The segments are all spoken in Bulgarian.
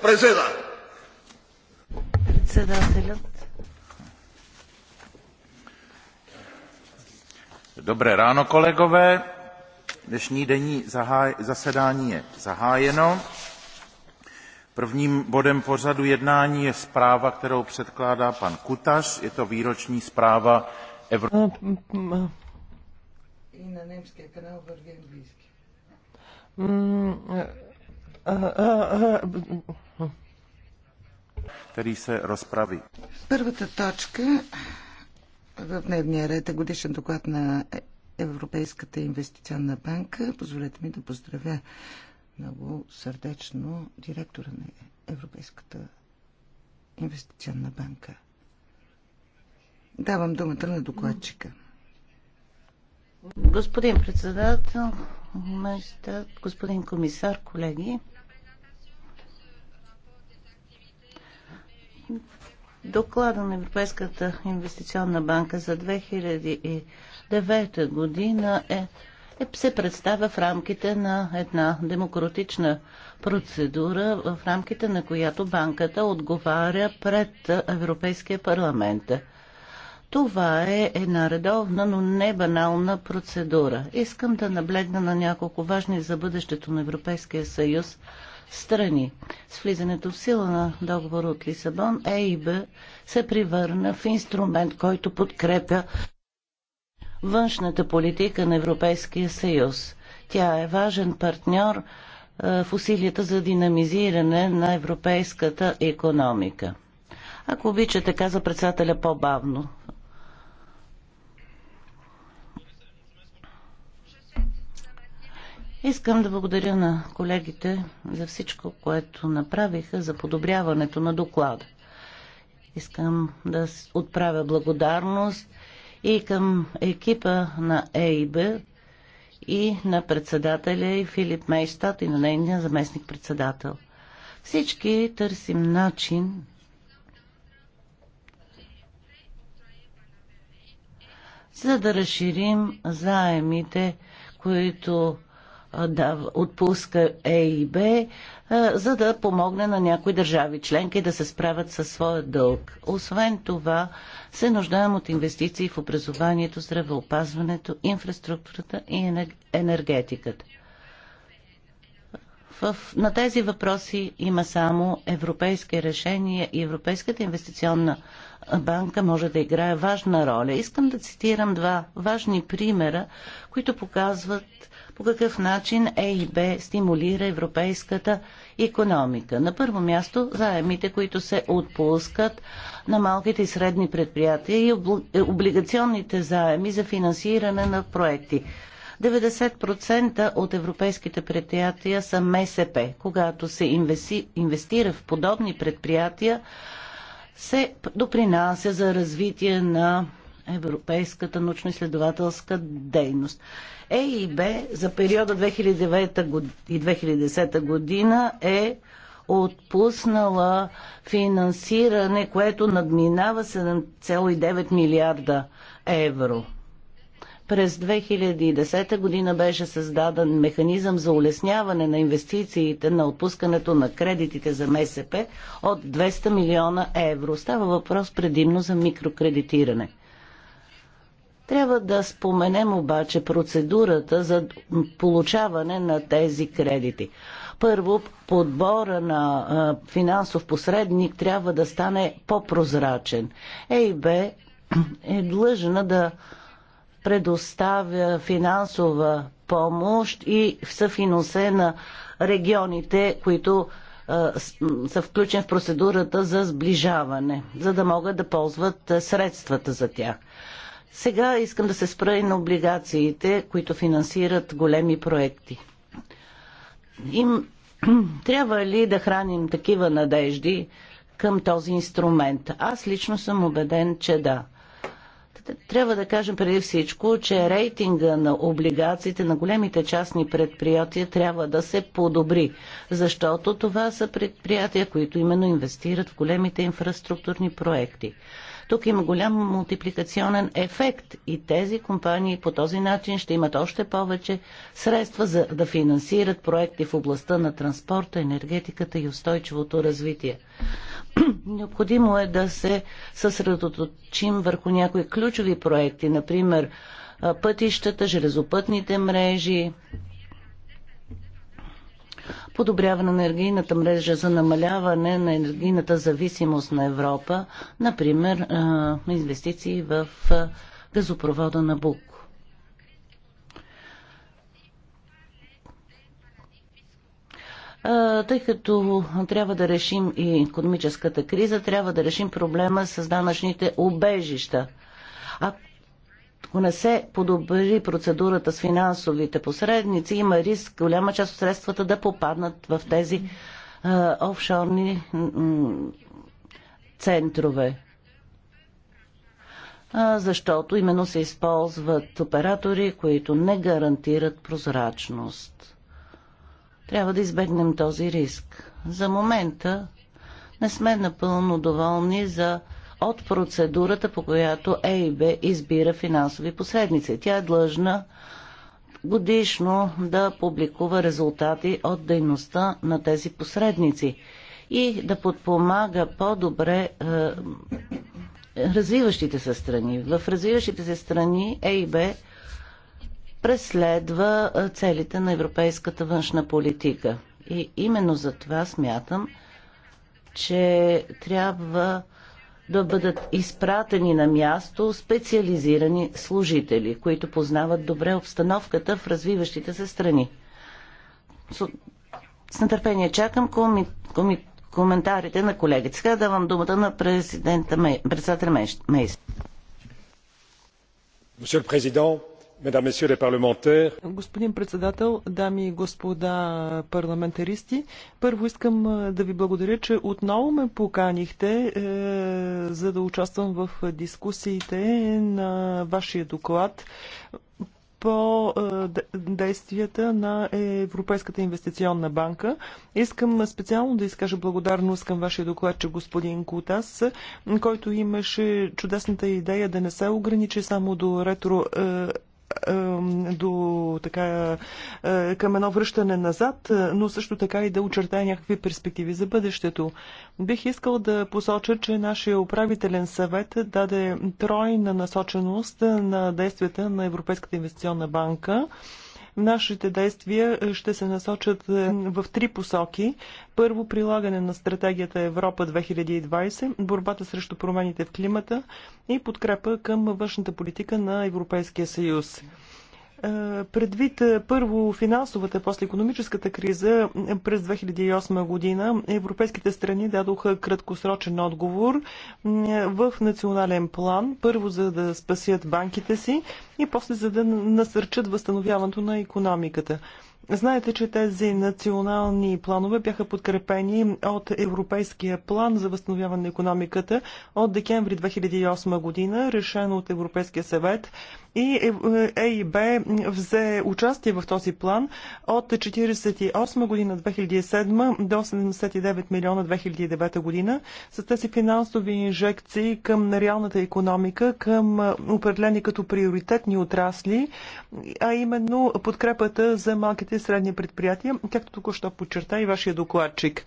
Председателят. Dobré ráno, kolegové. Dnešní denní zasedání je zahájeno. Prvním bodem pořadu jednání je zpráva, kterou předkládá pan Kutaš. Je to výroční zpráva Evropy. И се разправи. Първата точка в дневния ред е годишен доклад на Европейската инвестиционна банка. Позволете ми да поздравя много сърдечно директора на Европейската инвестиционна банка. Давам думата на докладчика. Господин председател, господин комисар, колеги, Доклада на Европейската инвестиционна банка за 2009 година е, е, се представя в рамките на една демократична процедура, в рамките на която банката отговаря пред Европейския парламент. Това е една редовна, но не банална процедура. Искам да наблегна на няколко важни за бъдещето на Европейския съюз страни. С влизането в сила на договор от Лисабон, ЕИБ се превърна в инструмент, който подкрепя външната политика на Европейския съюз. Тя е важен партньор е, в усилията за динамизиране на европейската економика. Ако обичате, каза председателя по-бавно. Искам да благодаря на колегите за всичко, което направиха за подобряването на доклада. Искам да отправя благодарност и към екипа на ЕИБ и на председателя и Филип Мейштад и на нейния заместник-председател. Всички търсим начин за да разширим заемите, които да отпуска Е и Б, за да помогне на някои държави членки да се справят със своя дълг. Освен това, се нуждаем от инвестиции в образованието, здравеопазването, инфраструктурата и енергетиката. В, на тези въпроси има само европейски решения и Европейската инвестиционна банка може да играе важна роля. Искам да цитирам два важни примера, които показват по какъв начин ЕИБ стимулира европейската економика. На първо място заемите, които се отпускат на малките и средни предприятия и е, облигационните заеми за финансиране на проекти. 90% от европейските предприятия са МСП. Когато се инвестира в подобни предприятия, се допринася за развитие на европейската научно-изследователска дейност. Е Б за периода 2009 и 2010 година е отпуснала финансиране, което надминава 7,9 милиарда евро. През 2010 година беше създаден механизъм за улесняване на инвестициите на отпускането на кредитите за МСП от 200 милиона евро. Става въпрос предимно за микрокредитиране. Трябва да споменем обаче процедурата за получаване на тези кредити. Първо, подбора на финансов посредник трябва да стане по-прозрачен. ЕИБ е длъжна да предоставя финансова помощ и съфиносе на регионите, които са включени в процедурата за сближаване, за да могат да ползват средствата за тях. Сега искам да се спра и на облигациите, които финансират големи проекти. Им, трябва ли да храним такива надежди към този инструмент? Аз лично съм убеден, че да. Трябва да кажем преди всичко, че рейтинга на облигациите на големите частни предприятия трябва да се подобри, защото това са предприятия, които именно инвестират в големите инфраструктурни проекти. Тук има голям мултипликационен ефект и тези компании по този начин ще имат още повече средства за да финансират проекти в областта на транспорта, енергетиката и устойчивото развитие. Необходимо е да се съсредоточим върху някои ключови проекти, например пътищата, железопътните мрежи, подобряване на енергийната мрежа за намаляване на енергийната зависимост на Европа, например инвестиции в газопровода на Бук. тъй като трябва да решим и економическата криза, трябва да решим проблема с данъчните убежища – ако не се подобри процедурата с финансовите посредници, има риск голяма част от средствата да попаднат в тези а, офшорни центрове. А, защото именно се използват оператори, които не гарантират прозрачност. Трябва да избегнем този риск. За момента не сме напълно доволни за от процедурата, по която ЕИБ избира финансови посредници. Тя е длъжна годишно да публикува резултати от дейността на тези посредници и да подпомага по-добре е, развиващите се страни. В развиващите се страни ЕИБ преследва е, целите на европейската външна политика. И именно за това смятам, че трябва да бъдат изпратени на място специализирани служители, които познават добре обстановката в развиващите се страни. С нетърпение чакам коми, коми, коментарите на колегите. Сега давам думата на президента, председателя Мейс. Мей. Monsieur Господин председател, дами и господа парламентаристи, първо искам да ви благодаря, че отново ме поканихте, е, за да участвам в дискусиите на вашия доклад по е, действията на Европейската инвестиционна банка. Искам специално да изкажа благодарност към вашия докладчик господин Кутас, който имаше чудесната идея да не се ограничи само до ретро е, до, така, към едно връщане назад, но също така и да очертая някакви перспективи за бъдещето. Бих искал да посоча, че нашия управителен съвет даде тройна насоченост на действията на Европейската инвестиционна банка. Нашите действия е, ще се насочат е, в три посоки. Първо, прилагане на стратегията Европа 2020, борбата срещу промените в климата и подкрепа към външната политика на Европейския съюз. Е, предвид е, първо финансовата, после економическата криза е, през 2008 година, европейските страни дадоха краткосрочен отговор в национален план, първо за да спасят банките си и после за да насърчат възстановяването на економиката. Знаете, че тези национални планове бяха подкрепени от Европейския план за възстановяване на економиката от декември 2008 година, решено от Европейския съвет и ЕИБ е взе участие в този план от 48 година 2007 до 79 милиона 2009 година с тези финансови инжекции към реалната економика, към определени като приоритетни отрасли, а именно подкрепата за малките и средни предприятия, както току-що подчерта и вашия докладчик.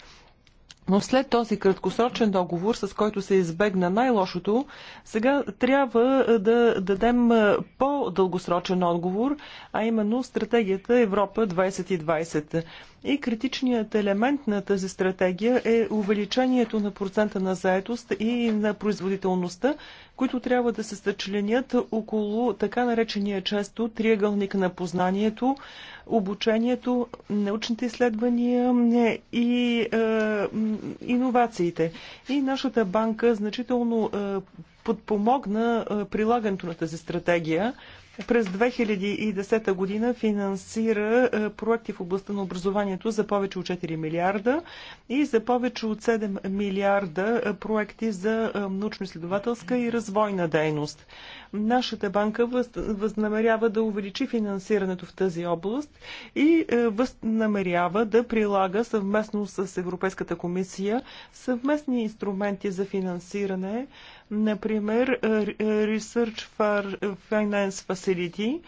Но след този краткосрочен договор, с който се избегна най-лошото, сега трябва да дадем по-дългосрочен отговор, а именно стратегията Европа 2020. И критичният елемент на тази стратегия е увеличението на процента на заетост и на производителността, които трябва да се съчленят около така наречения често триъгълник на познанието, обучението, научните изследвания е, и е, иновациите. И нашата банка значително е, подпомогна е, прилагането на тази стратегия през 2010 година финансира е, проекти в областта на образованието за повече от 4 милиарда и за повече от 7 милиарда е, проекти за е, научно-изследователска и развойна дейност. Нашата банка възнамерява да увеличи финансирането в тази област и възнамерява да прилага съвместно с Европейската комисия съвместни инструменти за финансиране Например, е, Research for Finance Facility.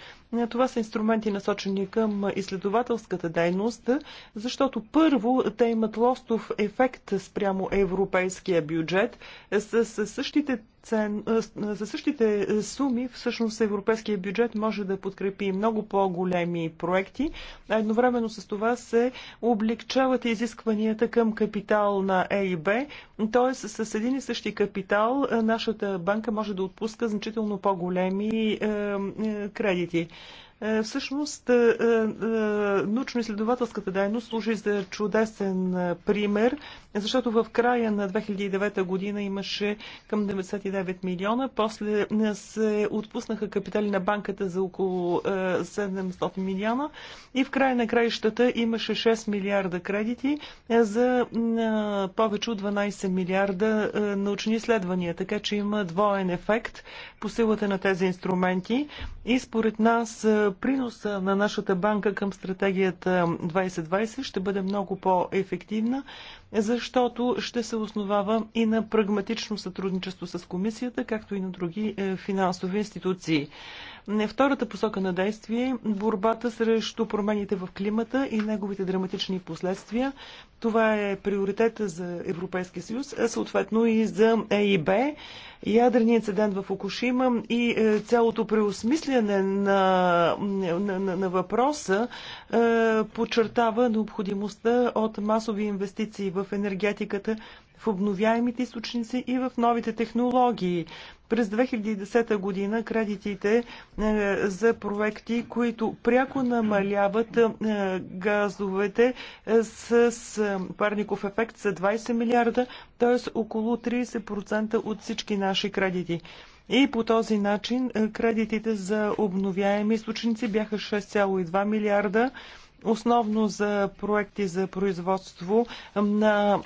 Е, това са инструменти насочени към изследователската дейност, защото първо те имат лостов ефект спрямо европейския бюджет е, с същите цен, за същите е, суми всъщност европейския бюджет може да подкрепи много по-големи проекти, а едновременно с това се облегчават изискванията към капитал на Е и Б, т.е. с един и същи капитал нашата банка може да отпуска значително по-големи е, е, кредити. Всъщност, научно-изследователската дейност служи за чудесен пример защото в края на 2009 година имаше към 99 милиона, после се отпуснаха капитали на банката за около 700 е, милиона и в края на краищата имаше 6 милиарда кредити е, за е, повече от 12 милиарда научни изследвания. Така че има двоен ефект по силата на тези инструменти и според нас приноса на нашата банка към стратегията 2020 ще бъде много по-ефективна защото ще се основава и на прагматично сътрудничество с комисията, както и на други е, финансови институции. Втората посока на действие е – борбата срещу промените в климата и неговите драматични последствия. Това е приоритета за Европейския съюз, а съответно и за ЕИБ. Ядреният инцидент в Окушима и е, цялото преосмисляне на, на, на, на въпроса е, подчертава необходимостта от масови инвестиции в енергетиката, в обновяемите източници и в новите технологии. През 2010 година кредитите е, за проекти, които пряко намаляват е, газовете е, с парников ефект са 20 милиарда, т.е. около 30% от всички наши кредити. И по този начин кредитите за обновяеми източници бяха 6,2 милиарда, основно за проекти за производство на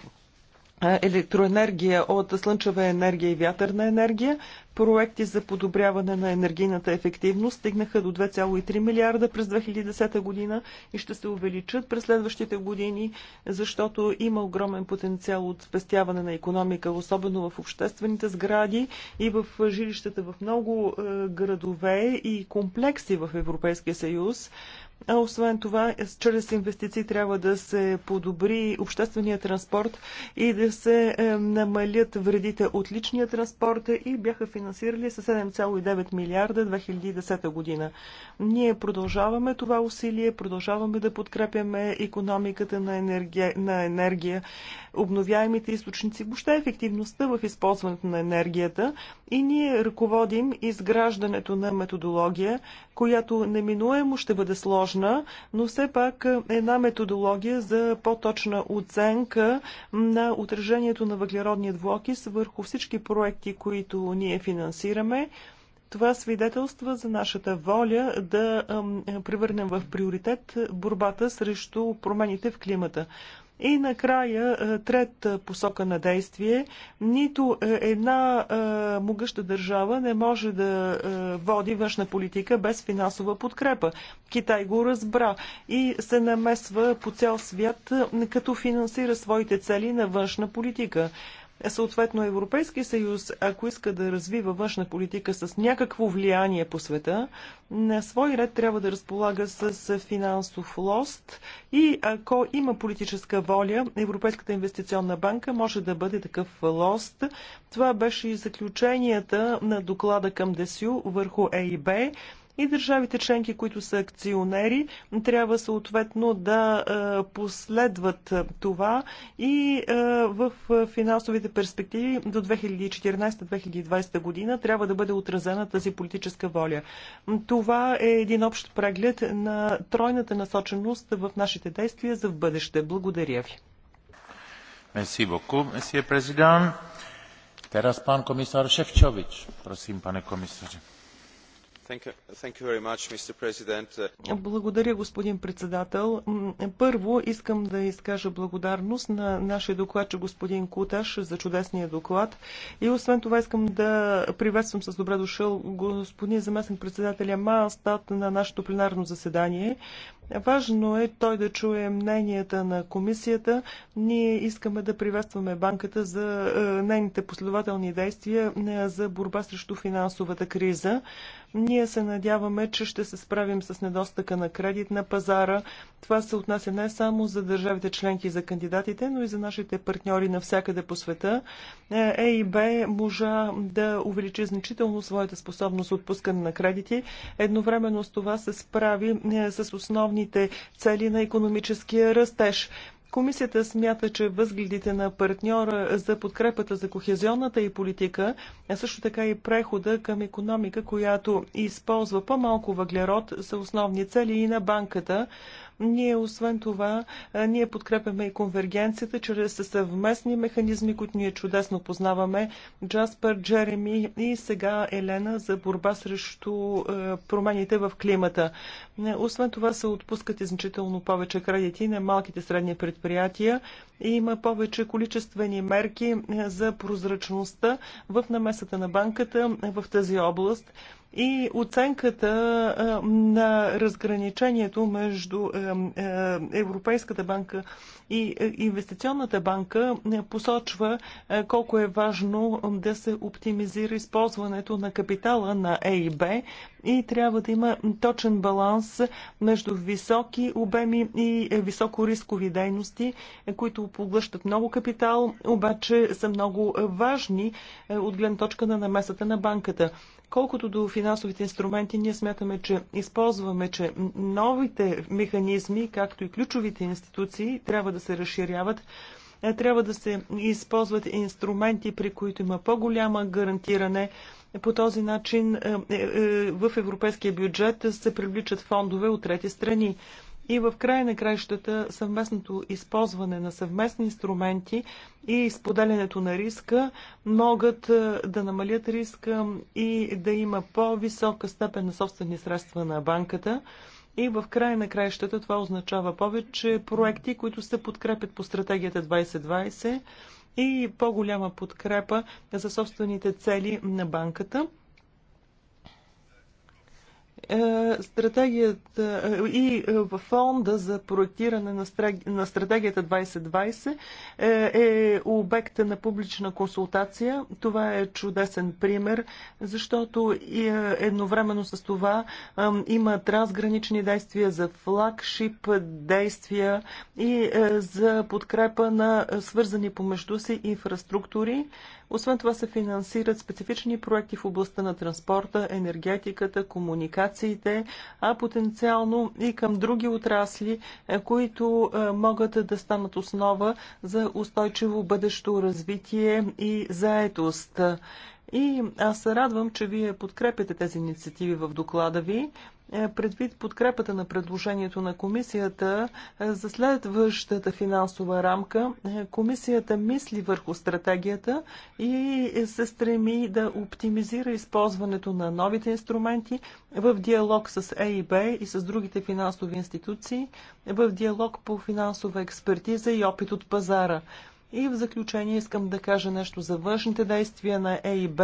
електроенергия от слънчева енергия и вятърна енергия, проекти за подобряване на енергийната ефективност стигнаха до 2,3 милиарда през 2010 година и ще се увеличат през следващите години, защото има огромен потенциал от спестяване на економика, особено в обществените сгради и в жилищата в много е, градове и комплекси в Европейския съюз. А освен това, чрез инвестиции трябва да се подобри обществения транспорт и да се е, намалят вредите от личния транспорт и бяха финансирани финансирали с 7,9 милиарда 2010 година. Ние продължаваме това усилие, продължаваме да подкрепяме економиката на енергия, на енергия обновяемите източници, въобще ефективността в използването на енергията и ние ръководим изграждането на методология, която неминуемо ще бъде сложна, но все пак една методология за по-точна оценка на отражението на въглеродния двуокис върху всички проекти, които ние финансираме финансираме. Това свидетелства за нашата воля да превърнем в приоритет борбата срещу промените в климата. И накрая, е, трета посока на действие. Нито е, една е, могъща държава не може да води външна политика без финансова подкрепа. Китай го разбра и се намесва по цял свят, като финансира своите цели на външна политика. Е, съответно Европейския съюз, ако иска да развива външна политика с някакво влияние по света, на свой ред трябва да разполага с финансов лост и ако има политическа воля, Европейската инвестиционна банка може да бъде такъв лост. Това беше и заключенията на доклада към ДЕСЮ върху ЕИБ, и държавите членки, които са акционери, трябва съответно да е, последват това и е, в финансовите перспективи до 2014-2020 година трябва да бъде отразена тази политическа воля. Това е един общ преглед на тройната насоченост в нашите действия за в бъдеще. Благодаря ви. Merci beaucoup, monsieur le président. Teraz pan komisar Ševčovič. Prosím, pane благодаря, господин председател. Първо искам да изкажа благодарност на нашия докладче господин Куташ за чудесния доклад. И освен това искам да приветствам с добре дошъл господин заместник председателя Маастат на нашето пленарно заседание. Важно е той да чуе мненията на комисията. Ние искаме да приветстваме банката за е, нейните последователни действия е, за борба срещу финансовата криза. Ние се надяваме, че ще се справим с недостъка на кредит на пазара. Това се отнася не само за държавите членки и за кандидатите, но и за нашите партньори навсякъде по света. ЕИБ е можа да увеличи значително своята способност отпускане на кредити. Едновременно с това се справи с основни основните цели на економическия растеж. Комисията смята, че възгледите на партньора за подкрепата за кохезионната и политика, а също така и прехода към економика, която използва по-малко въглерод за основни цели и на банката, ние, освен това, ние подкрепяме и конвергенцията чрез съвместни механизми, които ние чудесно познаваме. Джаспер, Джереми и сега Елена за борба срещу промените в климата. Освен това се отпускат и значително повече кредити на малките средни предприятия и има повече количествени мерки за прозрачността в намесата на банката в тази област и оценката на разграничението между Европейската банка и Инвестиционната банка посочва колко е важно да се оптимизира използването на капитала на ЕИБ и трябва да има точен баланс между високи обеми и високорискови дейности, които поглъщат много капитал, обаче са много важни от гледна точка на намесата на банката. Колкото до финансовите инструменти, ние смятаме, че използваме, че новите механизми, както и ключовите институции, трябва да се разширяват е, трябва да се използват инструменти, при които има по-голяма гарантиране. По този начин е, е, в европейския бюджет се привличат фондове от трети страни и в края на краищата съвместното използване на съвместни инструменти и споделянето на риска могат е, да намалят риска и да има по-висока степен на собствени средства на банката. И в края на краищата това означава повече проекти, които се подкрепят по стратегията 2020 и по-голяма подкрепа за собствените цели на банката. Е, стратегията е, и е, фонда за проектиране на стратегията 2020 е обекта на публична консултация. Това е чудесен пример, защото едновременно с това има трансгранични действия за флагшип действия и за подкрепа на свързани помежду си инфраструктури. Освен това се финансират специфични проекти в областта на транспорта, енергетиката, комуникациите, а потенциално и към други отрасли, е, които е, могат да станат основа за устойчиво бъдещо развитие и заетост. И аз се радвам, че вие подкрепяте тези инициативи в доклада ви. Е, предвид подкрепата на предложението на комисията е, за следващата финансова рамка, е, комисията мисли върху стратегията и се стреми да оптимизира използването на новите инструменти в диалог с ЕИБ и с другите финансови институции, в диалог по финансова експертиза и опит от пазара. И в заключение искам да кажа нещо за външните действия на ЕИБ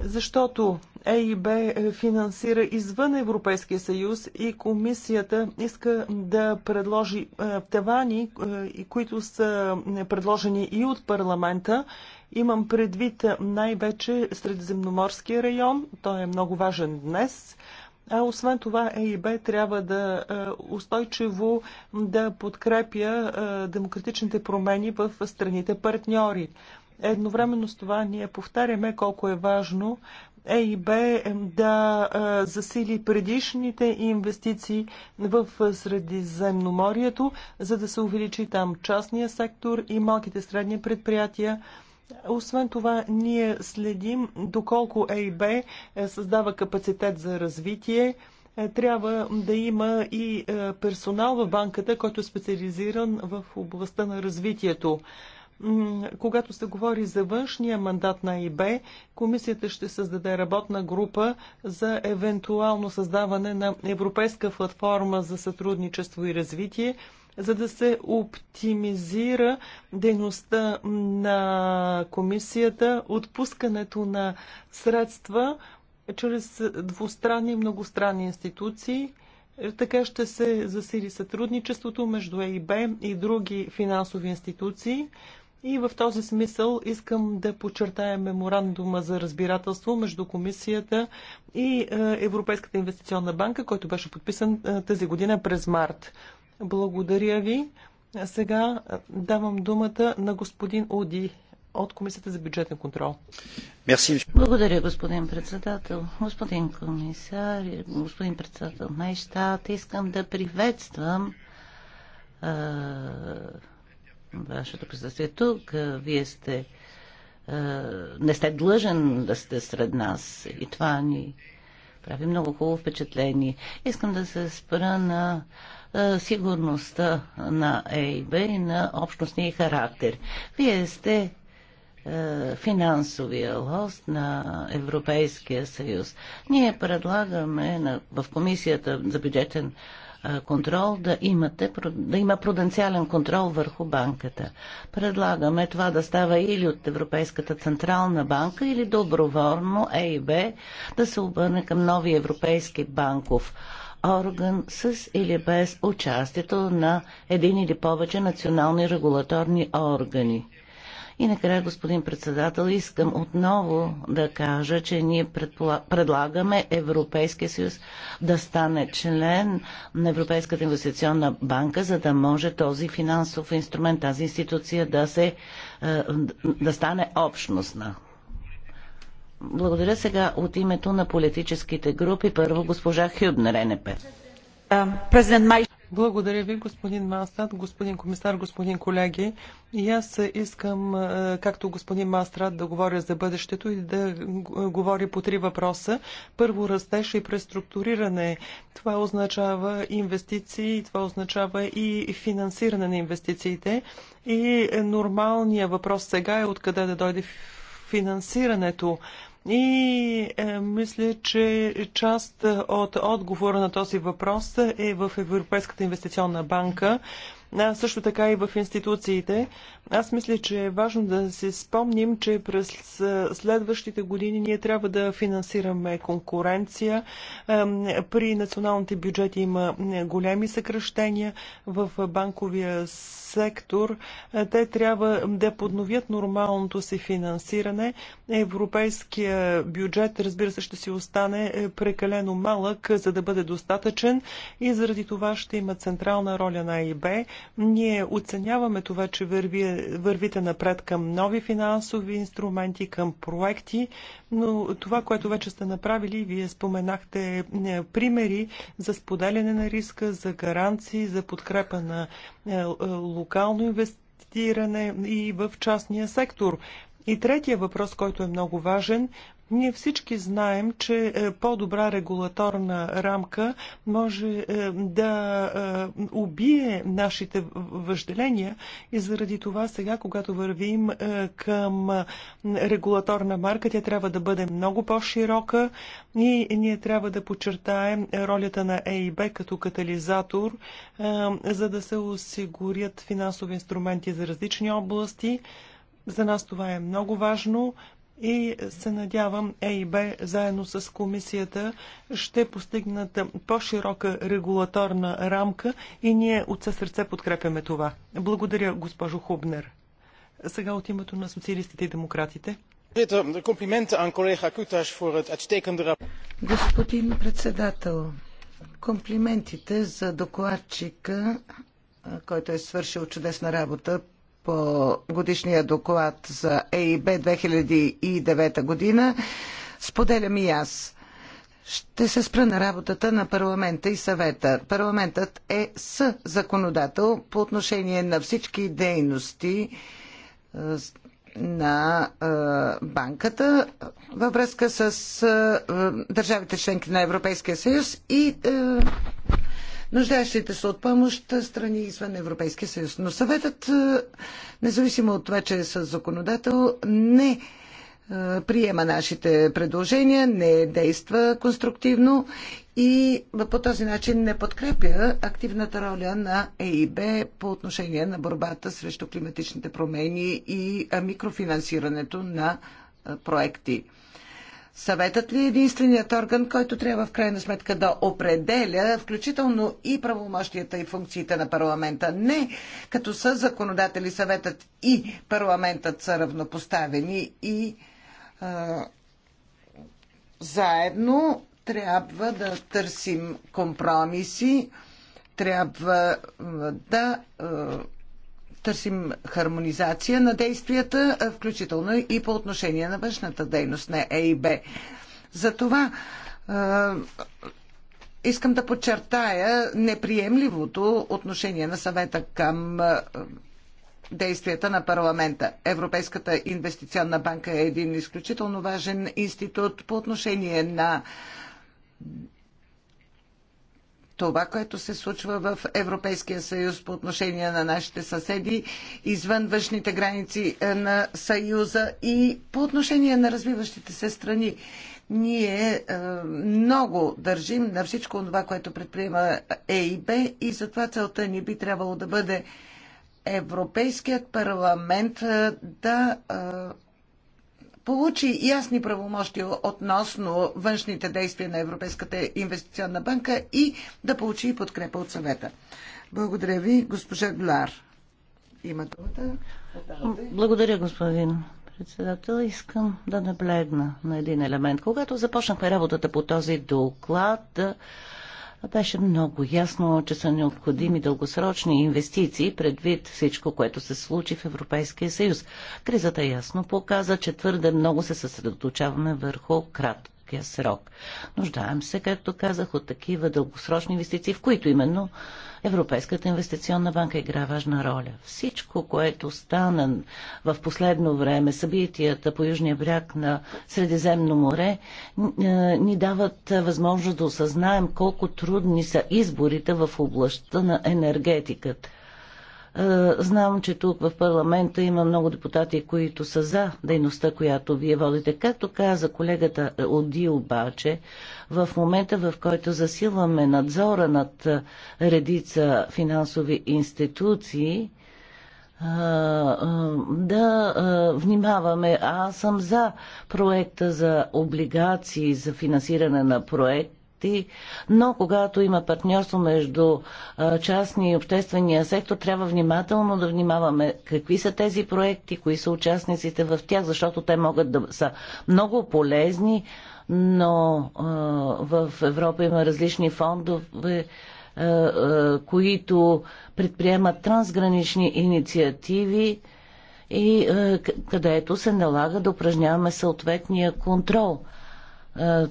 защото ЕИБ финансира извън Европейския съюз и комисията иска да предложи е, тавани, е, които са е, предложени и от парламента. Имам предвид най-вече Средиземноморския район. Той е много важен днес. А освен това ЕИБ трябва да устойчиво да подкрепя демократичните промени в страните партньори. Едновременно с това ние повтаряме колко е важно Б да засили предишните инвестиции в Средиземноморието, за да се увеличи там частния сектор и малките средни предприятия. Освен това, ние следим доколко Б е, създава капацитет за развитие. Е, трябва да има и е, персонал в банката, който е специализиран в областта на развитието. Когато се говори за външния мандат на ИБ, комисията ще създаде работна група за евентуално създаване на Европейска платформа за сътрудничество и развитие, за да се оптимизира дейността на комисията, отпускането на средства чрез двустранни и многостранни институции. Така ще се засили сътрудничеството между ЕИБ и други финансови институции. И в този смисъл искам да подчертая меморандума за разбирателство между комисията и е, Европейската инвестиционна банка, който беше подписан е, тази година през март. Благодаря ви. Сега е, давам думата на господин Оди от Комисията за бюджетен контрол. Благодаря, господин председател. Господин комисар, господин председател на щата, искам да приветствам вашето присъствие тук. Вие сте не сте длъжен да сте сред нас. И това ни прави много хубаво впечатление. Искам да се спра на сигурността на ЕИБ и на общностния характер. Вие сте финансовия лост на Европейския съюз. Ние предлагаме в Комисията за бюджетен контрол, да, имате, да има пруденциален контрол върху банката. Предлагаме това да става или от Европейската централна банка, или доброволно ЕИБ да се обърне към нови европейски банков орган с или без участието на един или повече национални регулаторни органи. И накрая, господин председател, искам отново да кажа, че ние предлагаме Европейския съюз да стане член на Европейската инвестиционна банка, за да може този финансов инструмент, тази институция да, се, е, да стане общностна. Благодаря сега от името на политическите групи. Първо госпожа Хюбнер, НП. Благодаря ви, господин Мастрат, господин комисар, господин колеги. И аз искам, е, както господин Мастрат, да говоря за бъдещето и да говоря по три въпроса. Първо, растеж и преструктуриране. Това означава инвестиции, това означава и финансиране на инвестициите. И нормалният въпрос сега е откъде да дойде финансирането. И е, мисля, че част от отговора на този въпрос е в Европейската инвестиционна банка а също така и в институциите. Аз мисля, че е важно да се спомним, че през следващите години ние трябва да финансираме конкуренция. При националните бюджети има големи съкръщения в банковия сектор. Те трябва да подновят нормалното си финансиране. Европейския бюджет, разбира се, ще си остане е, прекалено малък, за да бъде достатъчен и заради това ще има централна роля на ИБ. Ние оценяваме това, че върви, вървите напред към нови финансови инструменти, към проекти, но това, което вече сте направили, вие споменахте е, примери за споделяне на риска, за гаранции, за подкрепа на е, е, локално инвестиране инвестиране и в частния сектор. И третия въпрос, който е много важен, ние всички знаем, че е, по-добра регулаторна рамка може е, да е, убие нашите въжделения и заради това сега, когато вървим към регулаторна марка, тя трябва да бъде много по-широка и ние трябва да подчертаем ролята на ЕИБ като катализатор, за да се осигурят финансови инструменти за различни области – за нас това е много важно и се надявам ЕИБ заедно с комисията ще постигнат по-широка регулаторна рамка и ние от със сърце подкрепяме това. Благодаря, госпожо Хубнер. Сега от името на социалистите и демократите. Господин председател, комплиментите за докладчика, който е свършил чудесна работа по годишния доклад за ЕИБ 2009 година, споделям и аз. Ще се спра на работата на парламента и съвета. Парламентът е с законодател по отношение на всички дейности е, на е, банката във връзка с е, държавите членки на Европейския съюз и нуждаещите се от помощ страни извън Европейския съюз. Но съветът, независимо от това, че е със законодател, не приема нашите предложения, не действа конструктивно и по този начин не подкрепя активната роля на ЕИБ по отношение на борбата срещу климатичните промени и микрофинансирането на проекти. Съветът ли е единственият орган, който трябва в крайна сметка да определя, включително и правомощията и функциите на парламента? Не, като са законодатели, съветът и парламентът са равнопоставени и а, заедно трябва да търсим компромиси, трябва да а, търсим хармонизация на действията, включително и по отношение на външната дейност на ЕИБ. Затова искам да подчертая неприемливото отношение на съвета към действията на парламента. Европейската инвестиционна банка е един изключително важен институт по отношение на това, което се случва в Европейския съюз по отношение на нашите съседи, извън външните граници е, на съюза и по отношение на развиващите се страни. Ние е, много държим на всичко това, което предприема Е и затова целта ни би трябвало да бъде Европейският парламент е, да е, получи ясни правомощи относно външните действия на Европейската инвестиционна банка и да получи подкрепа от съвета. Благодаря ви, госпожа Глар. Има думата. Благодаря, господин председател. Искам да наблегна на един елемент. Когато започнахме работата по този доклад, беше много ясно, че са необходими дългосрочни инвестиции предвид всичко, което се случи в Европейския съюз. Кризата ясно показа, че твърде много се съсредоточаваме върху краткия срок. Нуждаем се, както казах, от такива дългосрочни инвестиции, в които именно Европейската инвестиционна банка игра важна роля. Всичко, което стана в последно време, събитията по южния бряг на Средиземно море, е, ни дават възможност да осъзнаем колко трудни са изборите в областта на енергетиката. Е, знам, че тук в парламента има много депутати, които са за дейността, която вие водите. Както каза колегата Оди обаче, в момента в който засилваме надзора над е, редица финансови институции, е, да внимаваме. Аз съм за проекта за облигации, за финансиране на проект проекти, но когато има партньорство между частния и обществения сектор, трябва внимателно да внимаваме какви са тези проекти, кои са участниците в тях, защото те могат да са много полезни, но в Европа има различни фондове, които предприемат трансгранични инициативи и където се налага да упражняваме съответния контрол –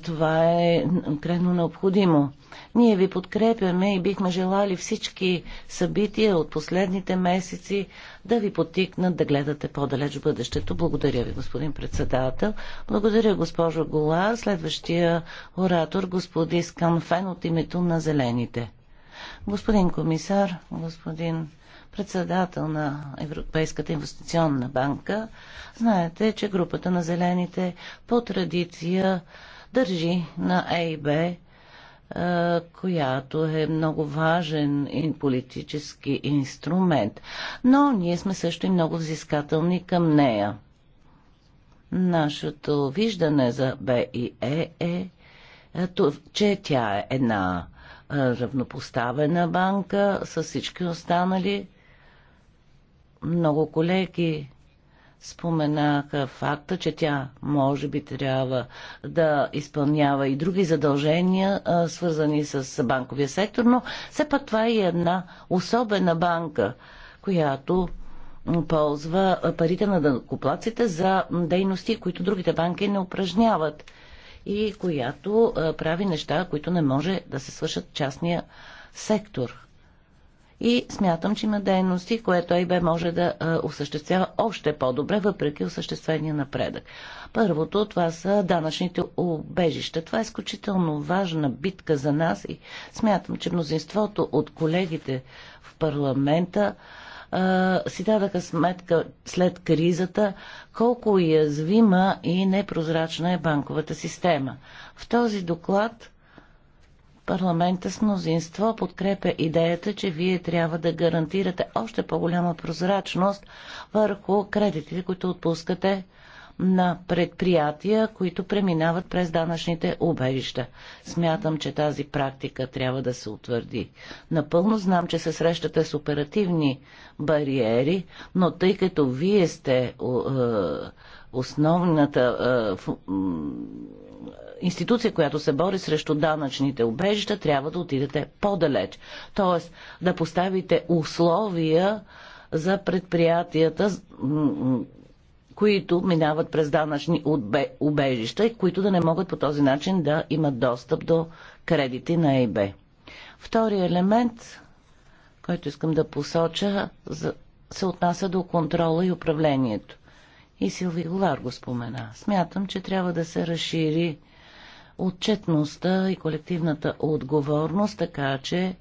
това е крайно необходимо. Ние ви подкрепяме и бихме желали всички събития от последните месеци да ви потикнат да гледате по-далеч в бъдещето. Благодаря ви, господин председател. Благодаря, госпожо Голар. Следващия оратор, господин Сканфен от името на Зелените. Господин комисар, господин председател на Европейската инвестиционна банка, знаете, че групата на зелените по традиция държи на ЕИБ, е, която е много важен и политически инструмент. Но ние сме също и много взискателни към нея. Нашето виждане за БИЕ е, е че тя е една равнопоставена банка с всички останали много колеги споменаха факта, че тя може би трябва да изпълнява и други задължения, свързани с банковия сектор, но все пак това е една особена банка, която ползва парите на дънкоплаците за дейности, които другите банки не упражняват и която прави неща, които не може да се свършат частния сектор и смятам, че има дейности, което АИБ може да осъществява още по-добре, въпреки осъществения напредък. Първото, това са данъчните убежища. Това е изключително важна битка за нас и смятам, че мнозинството от колегите в парламента си дадаха сметка след кризата колко уязвима и непрозрачна е банковата система. В този доклад Парламента с мнозинство подкрепя идеята, че вие трябва да гарантирате още по-голяма прозрачност върху кредитите, които отпускате на предприятия, които преминават през данъчните убежища. Смятам, че тази практика трябва да се утвърди. Напълно знам, че се срещате с оперативни бариери, но тъй като вие сте е, основната е, институция, която се бори срещу данъчните убежища, трябва да отидете по-далеч. Тоест да поставите условия за предприятията които минават през данъчни убежища и които да не могат по този начин да имат достъп до кредити на ЕБ. Втори елемент, който искам да посоча, се отнася до контрола и управлението. И Силви Голар го спомена. Смятам, че трябва да се разшири отчетността и колективната отговорност, така че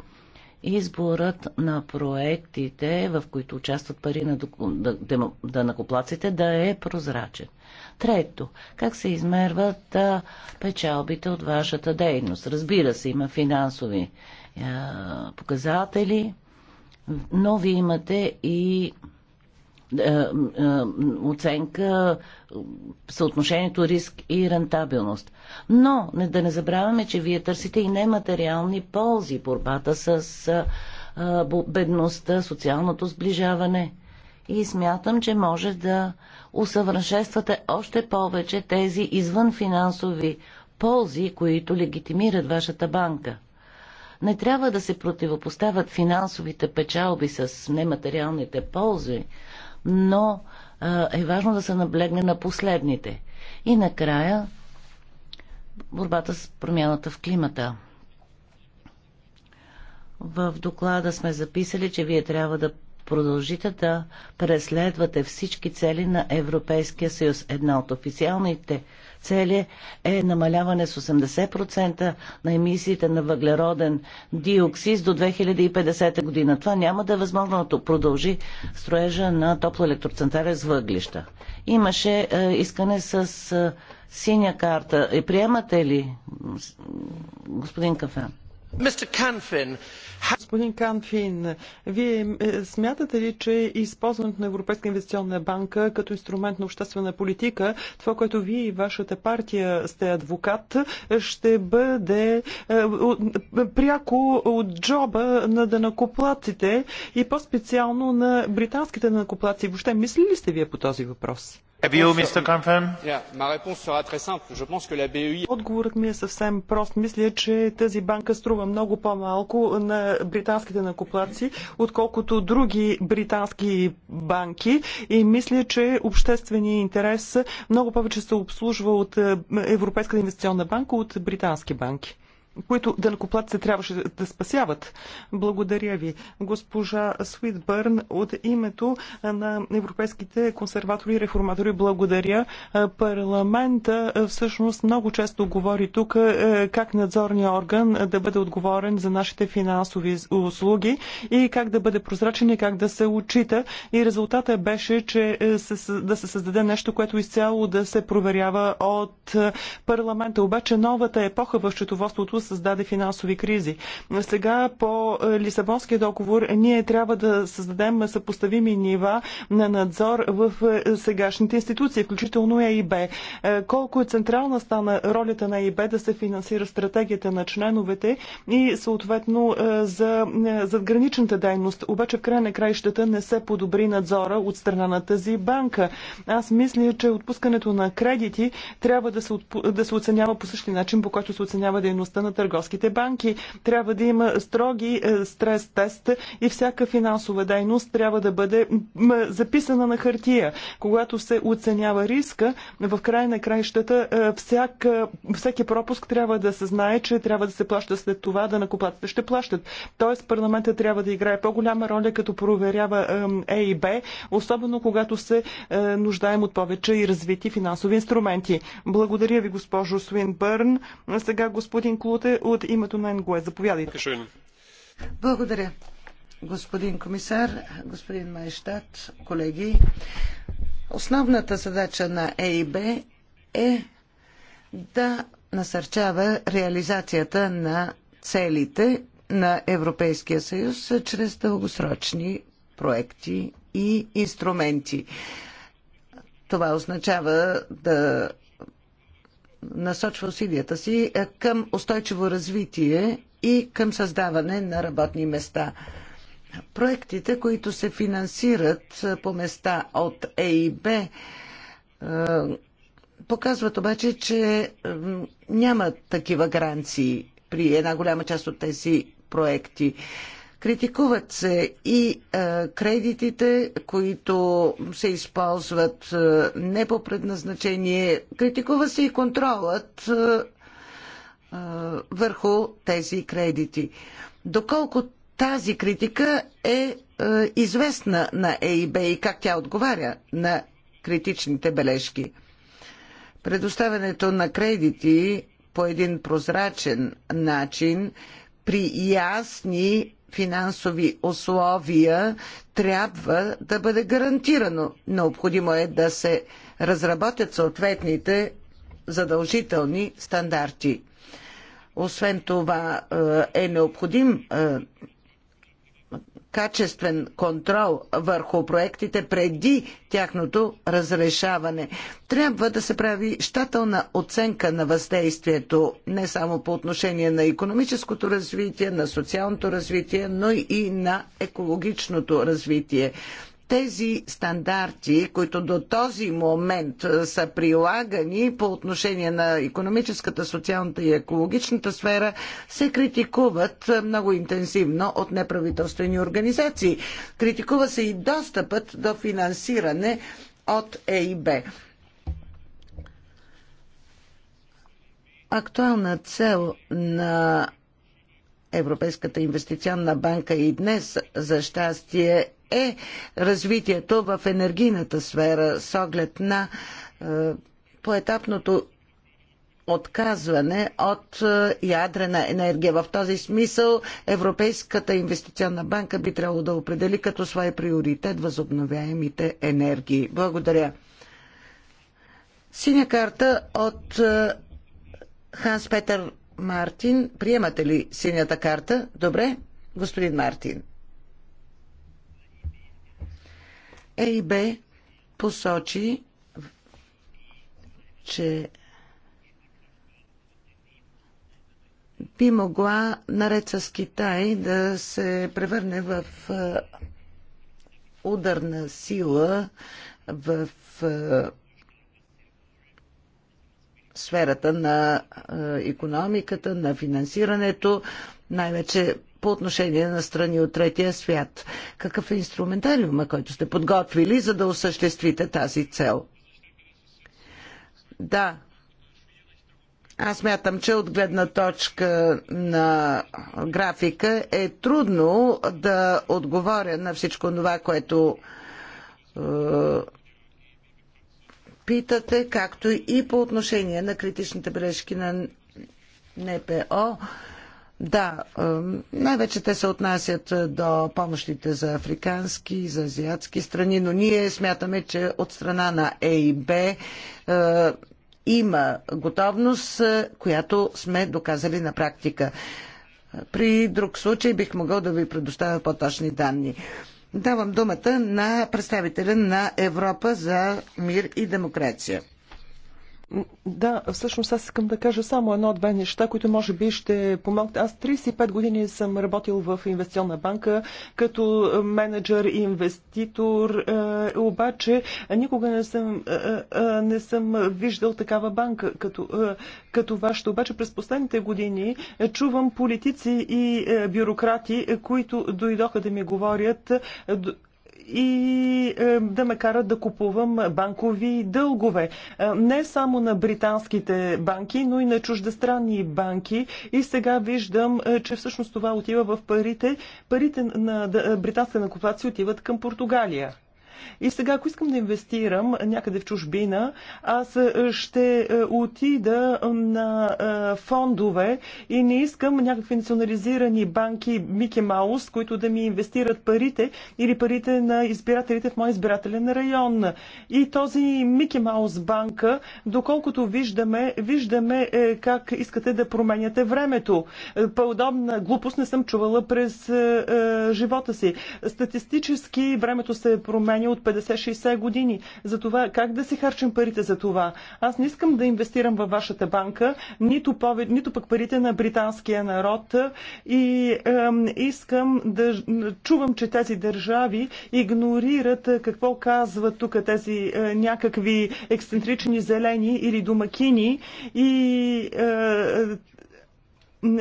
изборът на проектите, в които участват пари на данакоплаците, да е прозрачен. Трето, как се измерват а, печалбите от вашата дейност? Разбира се, има финансови а, показатели, но вие имате и е, е, оценка съотношението риск и рентабилност. Но не, да не забравяме, че вие търсите и нематериални ползи, борбата с е, бедността, социалното сближаване. И смятам, че може да усъвършенствате още повече тези извън финансови ползи, които легитимират вашата банка. Не трябва да се противопоставят финансовите печалби с нематериалните ползи, но е важно да се наблегне на последните. И накрая борбата с промяната в климата. В доклада сме записали, че вие трябва да продължите да преследвате всички цели на Европейския съюз. Една от официалните цели е намаляване с 80% на емисиите на въглероден диоксид до 2050 година. Това няма да е възможно да продължи строежа на топлоелектроцентрали с въглища. Имаше е, искане с е, синя карта. Е, приемате ли, господин Кафе? Господин Канфин, вие е, смятате ли, че използването на Европейска инвестиционна банка като инструмент на обществена политика, това, което вие и вашата партия сте адвокат, ще бъде е, пряко от джоба на данакоплаците и по-специално на британските данакоплаци? Въобще мислили ли сте вие по този въпрос? Отговорът ми е съвсем прост. Мисля, че тази банка струва много по-малко на британските накоплаци, отколкото други британски банки и мисля, че обществения интерес много повече се обслужва от е, Европейската инвестиционна банка от британски банки които дънкоплатци трябваше да спасяват. Благодаря ви. Госпожа Свитбърн от името на европейските консерватори и реформатори благодаря. Парламента е, всъщност много често говори тук е, как надзорния орган да бъде отговорен за нашите финансови услуги и как да бъде прозрачен и как да се отчита. И резултата беше, че е, да се създаде нещо, което изцяло да се проверява от парламента. Обаче новата епоха в счетоводството което създаде финансови кризи. Сега по е, Лисабонския договор ние трябва да създадем съпоставими нива на надзор в е, сегашните институции, включително ЕИБ. Е, колко е централна стана ролята на ЕИБ да се финансира стратегията на членовете и съответно за задграничната дейност. Обаче в край на краищата не се подобри надзора от страна на тази банка. Аз мисля, че отпускането на кредити трябва да се, отп... да се оценява по същия начин, по който се оценява дейността на на търговските банки. Трябва да има строги е, стрес тест и всяка финансова дейност трябва да бъде записана на хартия. Когато се оценява риска, в край на краищата е, всяка, е, всеки пропуск трябва да се знае, че трябва да се плаща след това, да накоплатите ще плащат. Тоест парламента трябва да играе по-голяма роля, като проверява Е и Б, особено когато се нуждаем от повече и развити финансови инструменти. Благодаря ви, госпожо Свинбърн. Сега господин Клуд думата от името на НГОЕ. Заповядайте. Благодаря. Господин комисар, господин Майштат, колеги, основната задача на ЕИБ е да насърчава реализацията на целите на Европейския съюз чрез дългосрочни проекти и инструменти. Това означава да насочва усилията си е, към устойчиво развитие и към създаване на работни места. Проектите, които се финансират е, по места от ЕИБ, е, показват обаче, че няма такива гаранции при една голяма част от тези проекти. Критикуват се и а, е, кредитите, които се използват а, е, не по предназначение. Критикува се и контролът а, е, а, върху тези кредити. Доколко тази критика е, а, известна на ЕИБ и как тя отговаря на критичните бележки. Предоставянето на кредити по един прозрачен начин при ясни финансови условия трябва да бъде гарантирано. Необходимо е да се разработят съответните задължителни стандарти. Освен това е, е необходим е, качествен контрол върху проектите преди тяхното разрешаване. Трябва да се прави щателна оценка на въздействието не само по отношение на економическото развитие, на социалното развитие, но и на екологичното развитие тези стандарти, които до този момент са прилагани по отношение на економическата, социалната и екологичната сфера, се критикуват много интензивно от неправителствени организации. Критикува се и достъпът до финансиране от ЕИБ. Актуална цел на Европейската инвестиционна банка и днес, за щастие, е развитието в енергийната сфера с оглед на е, поетапното отказване от е, ядрена енергия. В този смисъл Европейската инвестиционна банка би трябвало да определи като свой приоритет възобновяемите енергии. Благодаря. Синя карта от е, Ханс Петър Мартин. Приемате ли синята карта? Добре, господин Мартин. ЕИБ посочи, че би могла наред с Китай да се превърне в ударна сила в сферата на економиката, на финансирането, най-вече по отношение на страни от третия свят. Какъв е инструментариума, който сте подготвили, за да осъществите тази цел? Да, аз мятам, че от гледна точка на графика е трудно да отговоря на всичко това, което е, питате, както и по отношение на критичните бележки на НПО. Е, да, е, най-вече те се отнасят е, до помощите за африкански и за азиатски страни, но ние смятаме, че от страна на Е и Б има готовност, е, която сме доказали на практика. При друг случай бих могъл да ви предоставя по-точни данни. Давам думата на представителя на Европа за мир и демокрация. Да, всъщност аз искам да кажа само едно-две неща, които може би ще помогнат. Аз 35 години съм работил в инвестиционна банка като менеджер и инвеститор, е, обаче никога не съм, е, е, не съм виждал такава банка като, като вашата. Обаче през последните години чувам политици и бюрократи, които дойдоха да ми говорят и е, да ме карат да купувам банкови дългове. Е, не само на британските банки, но и на чуждестранни банки. И сега виждам, е, че всъщност това отива в парите. Парите на британските накупаци отиват към Португалия. И сега, ако искам да инвестирам някъде в чужбина, аз е, ще е, отида на е, фондове и не искам някакви национализирани банки Мики Маус, които да ми инвестират парите или парите на избирателите в моя избирателен район. И този Мики Маус банка, доколкото виждаме, виждаме как искате да променяте времето. Подобна глупост не съм чувала през живота си. Статистически времето се е променя от 50-60 години. За това как да си харчим парите за това? Аз не искам да инвестирам във вашата банка, нито, пове, нито пък парите на британския народ и е, искам да чувам, че тези държави игнорират е, какво казват тук тези е, някакви ексцентрични зелени или домакини и е,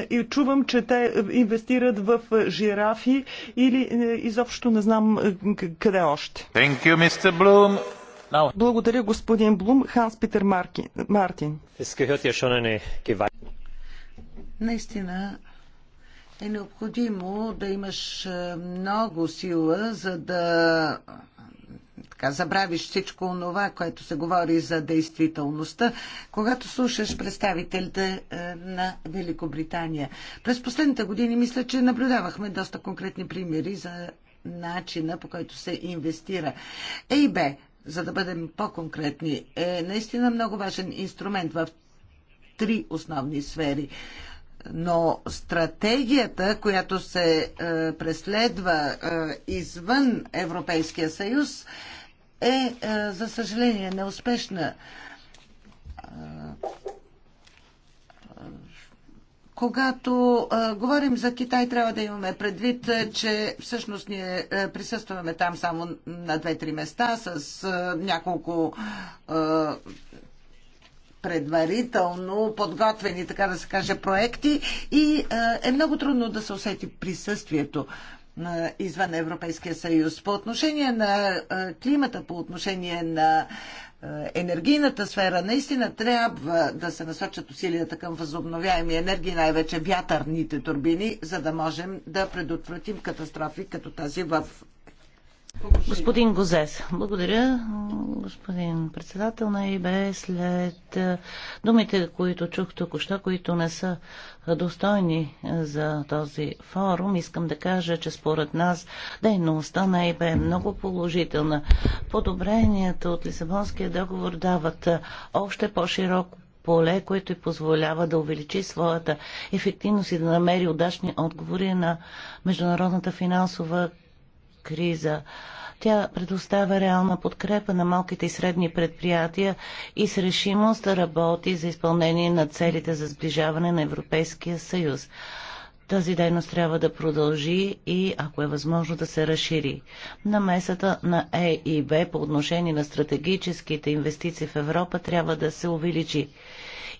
и чувам, че те инвестират в жирафи или е, изобщо не знам е, къде още. Thank you, Mr. Bloom. Now. Благодаря, господин Блум. Ханс Питер Марки, Мартин. Наистина е необходимо да имаш е, много сила, за да така забравиш всичко това, което се говори за действителността, когато слушаш представителите е, на Великобритания. През последните години мисля, че наблюдавахме доста конкретни примери за начина по който се инвестира. ЕИБ, за да бъдем по-конкретни, е наистина много важен инструмент в три основни сфери но стратегията, която се е, преследва е, извън Европейския съюз, е, е, за съжаление, неуспешна. Когато а, говорим за Китай, трябва да имаме предвид, е, че всъщност ние а, е, присъстваме там само на две-три места с а, няколко а, предварително подготвени, така да се каже, проекти и а, е много трудно да се усети присъствието извън Европейския съюз. По отношение на климата, по отношение на енергийната сфера, наистина трябва да се насочат усилията към възобновяеми енергии, най-вече вятърните турбини, за да можем да предотвратим катастрофи като тази в Господин Гозес, благодаря. Господин председател на ИБ, след думите, които чух току-що, които не са достойни за този форум, искам да кажа, че според нас дейността на ИБ е много положителна. Подобренията от Лисабонския договор дават още по-широко поле, което й позволява да увеличи своята ефективност и да намери удачни отговори на международната финансова криза. Тя предоставя реална подкрепа на малките и средни предприятия и с решимост да работи за изпълнение на целите за сближаване на Европейския съюз. Тази дейност трябва да продължи и, ако е възможно, да се разшири. Намесата на Е и Б по отношение на стратегическите инвестиции в Европа трябва да се увеличи.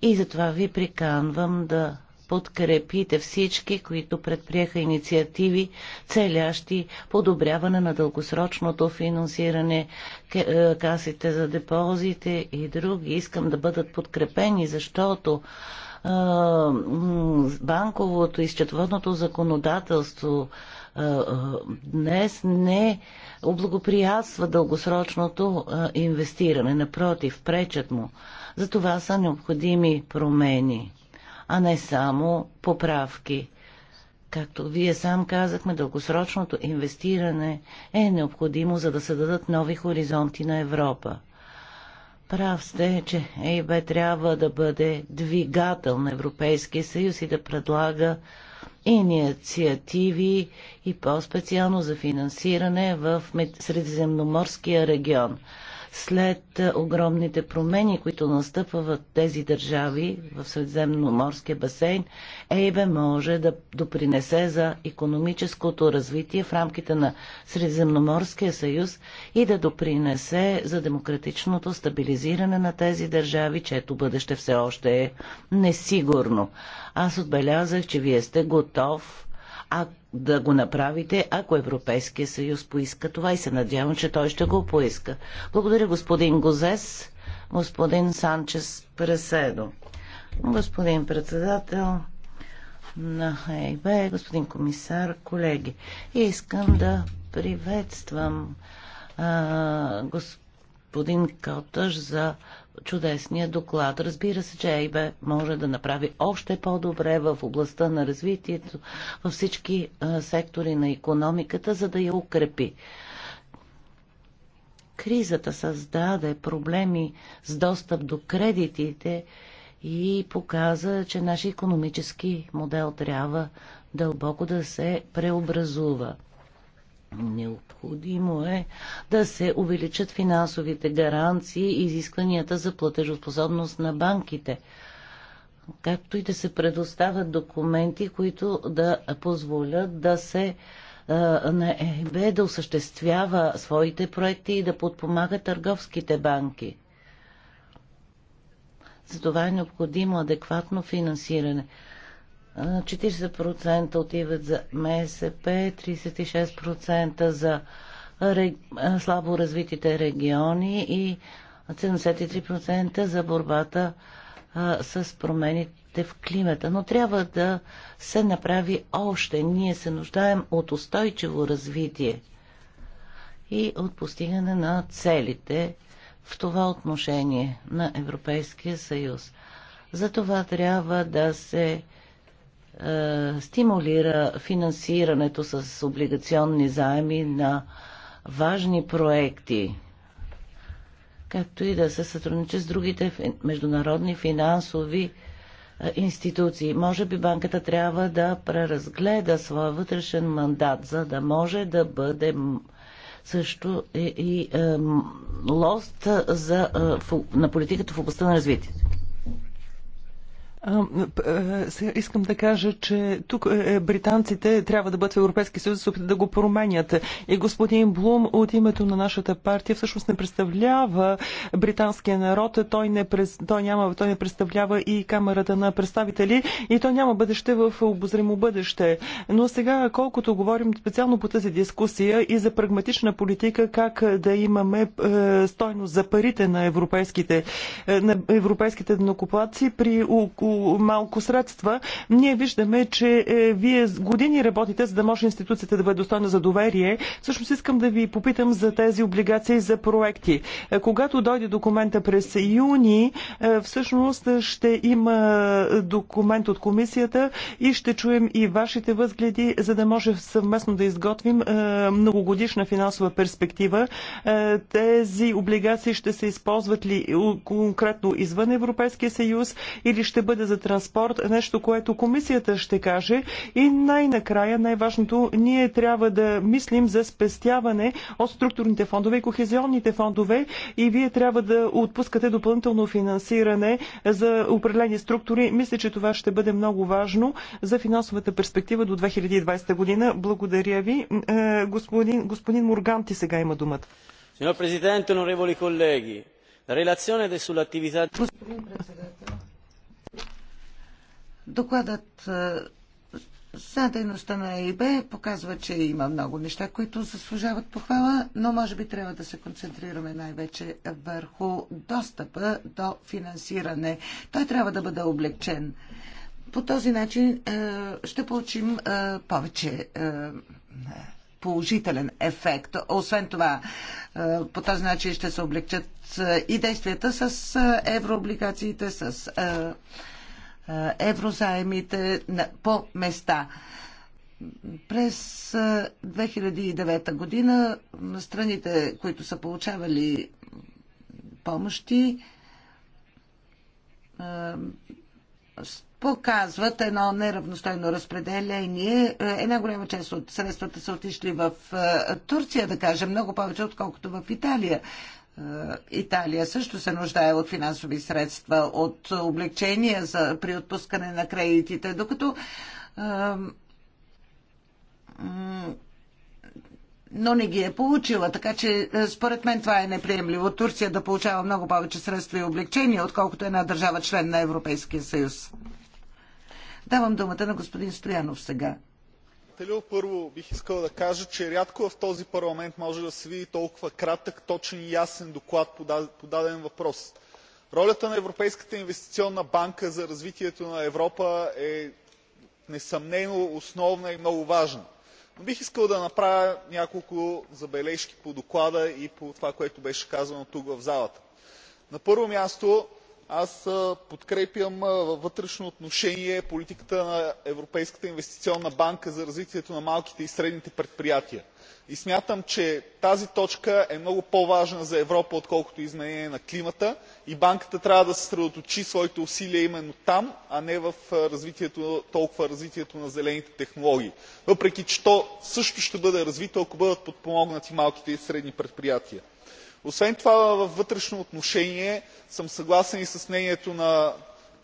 И затова ви приканвам да подкрепите всички, които предприеха инициативи, целящи подобряване на дългосрочното финансиране, е, касите за депозите и други. Искам да бъдат подкрепени, защото е, банковото и счетоводното законодателство е, днес не облагоприятства дългосрочното инвестиране. Напротив, пречат му. За това са необходими промени а не само поправки. Както вие сам казахме, дългосрочното инвестиране е необходимо, за да се дадат нови хоризонти на Европа. Прав сте, че ЕИБ трябва да бъде двигател на Европейския съюз и да предлага инициативи и по-специално за финансиране в Средиземноморския регион след е, огромните промени, които настъпват в тези държави в Средземноморския басейн, Ейбе може да допринесе за економическото развитие в рамките на Средземноморския съюз и да допринесе за демократичното стабилизиране на тези държави, чето бъдеще все още е несигурно. Аз отбелязах, че вие сте готов а да го направите, ако Европейския съюз поиска това и се надявам, че той ще го поиска. Благодаря господин Гозес, господин Санчес Преседо. Господин председател на ХАИБ, господин комисар, колеги, искам да приветствам а, господин Калтъж за чудесния доклад. Разбира се, че Ейбе може да направи още по-добре в областта на развитието, във всички сектори на економиката, за да я укрепи. Кризата създаде проблеми с достъп до кредитите и показа, че нашия економически модел трябва дълбоко да се преобразува. Необходимо е да се увеличат финансовите гаранции и изискванията за платежоспособност на банките, както и да се предоставят документи, които да позволят да се на ЕБ да осъществява своите проекти и да подпомага търговските банки. Затова е необходимо адекватно финансиране. 40% отиват за МСП, 36% за рег... слабо развитите региони и 73% за борбата а, с промените в климата. Но трябва да се направи още. Ние се нуждаем от устойчиво развитие и от постигане на целите в това отношение на Европейския съюз. За това трябва да се е, стимулира финансирането с облигационни заеми на важни проекти, както и да се сътрудничи с другите международни финансови е, институции. Може би банката трябва да преразгледа своя вътрешен мандат, за да може да бъде също и, и е, лост за, е, на политиката в областта на развитието. Искам да кажа, че тук е, е, британците трябва да бъдат в Европейски съюз, да да го променят. И господин Блум от името на нашата партия всъщност не представлява британския народ. Той не, той няма, той не представлява и камерата на представители и той няма бъдеще в обозримо бъдеще. Но сега, колкото говорим специално по тази дискусия и за прагматична политика, как е, да имаме стойност за парите на европейските, на европейските при около малко средства, ние виждаме, че е, вие години работите, за да може институцията да бъде достойна за доверие. Всъщност искам да ви попитам за тези облигации за проекти. Е, когато дойде документа през юни, е, всъщност ще има документ от комисията и ще чуем и вашите възгледи, за да може съвместно да изготвим многогодишна финансова перспектива. Тези облигации ще се използват ли конкретно извън Европейския съюз или ще бъде бъде за транспорт, е нещо, което комисията ще каже. И най-накрая, най-важното, ние трябва да мислим за спестяване от структурните фондове и кохезионните фондове и вие трябва да отпускате допълнително финансиране за определени структури. Мисля, че това ще бъде много важно за финансовата перспектива до 2020 година. Благодаря ви. Е, господин, господин Морганти сега има думата. Signor Presidente, onorevoli colleghi, la relazione sull'attività... Докладът за дейността на ЕИБ показва, че има много неща, които заслужават похвала, но може би трябва да се концентрираме най-вече върху достъпа до финансиране. Той трябва да бъде облегчен. По този начин ще получим повече положителен ефект. Освен това, по този начин ще се облегчат и действията с еврооблигациите, с еврозаемите по места. През 2009 година страните, които са получавали помощи, показват едно неравностойно разпределение. Една голяма част от средствата са отишли в Турция, да кажем, много повече, отколкото в Италия. Италия също се нуждае от финансови средства, от облегчения за, при отпускане на кредитите, докато но не ги е получила. Така че е, според мен това е неприемливо. Турция да получава много повече средства и облегчения, отколкото една държава член на Европейския съюз. Давам думата на господин Стоянов сега председателю! първо бих искал да кажа че рядко в този парламент може да се види толкова кратък точен и ясен доклад по даден въпрос. ролята на европейската инвестиционна банка за развитието на европа е несъмнено основна и много важна. но бих искал да направя няколко забележки по доклада и по това което беше казано тук в залата. на първо място аз подкрепям във вътрешно отношение политиката на европейската инвестиционна банка за развитието на малките и средните предприятия и смятам че тази точка е много по важна за европа отколкото изменение на климата и банката трябва да съсредоточи своите усилия именно там а не толкова в развитието на зелените технологии въпреки че то също ще бъде развито ако бъдат подпомогнати малките и средни предприятия освен това във вътрешно отношение съм съгласен и с мнението на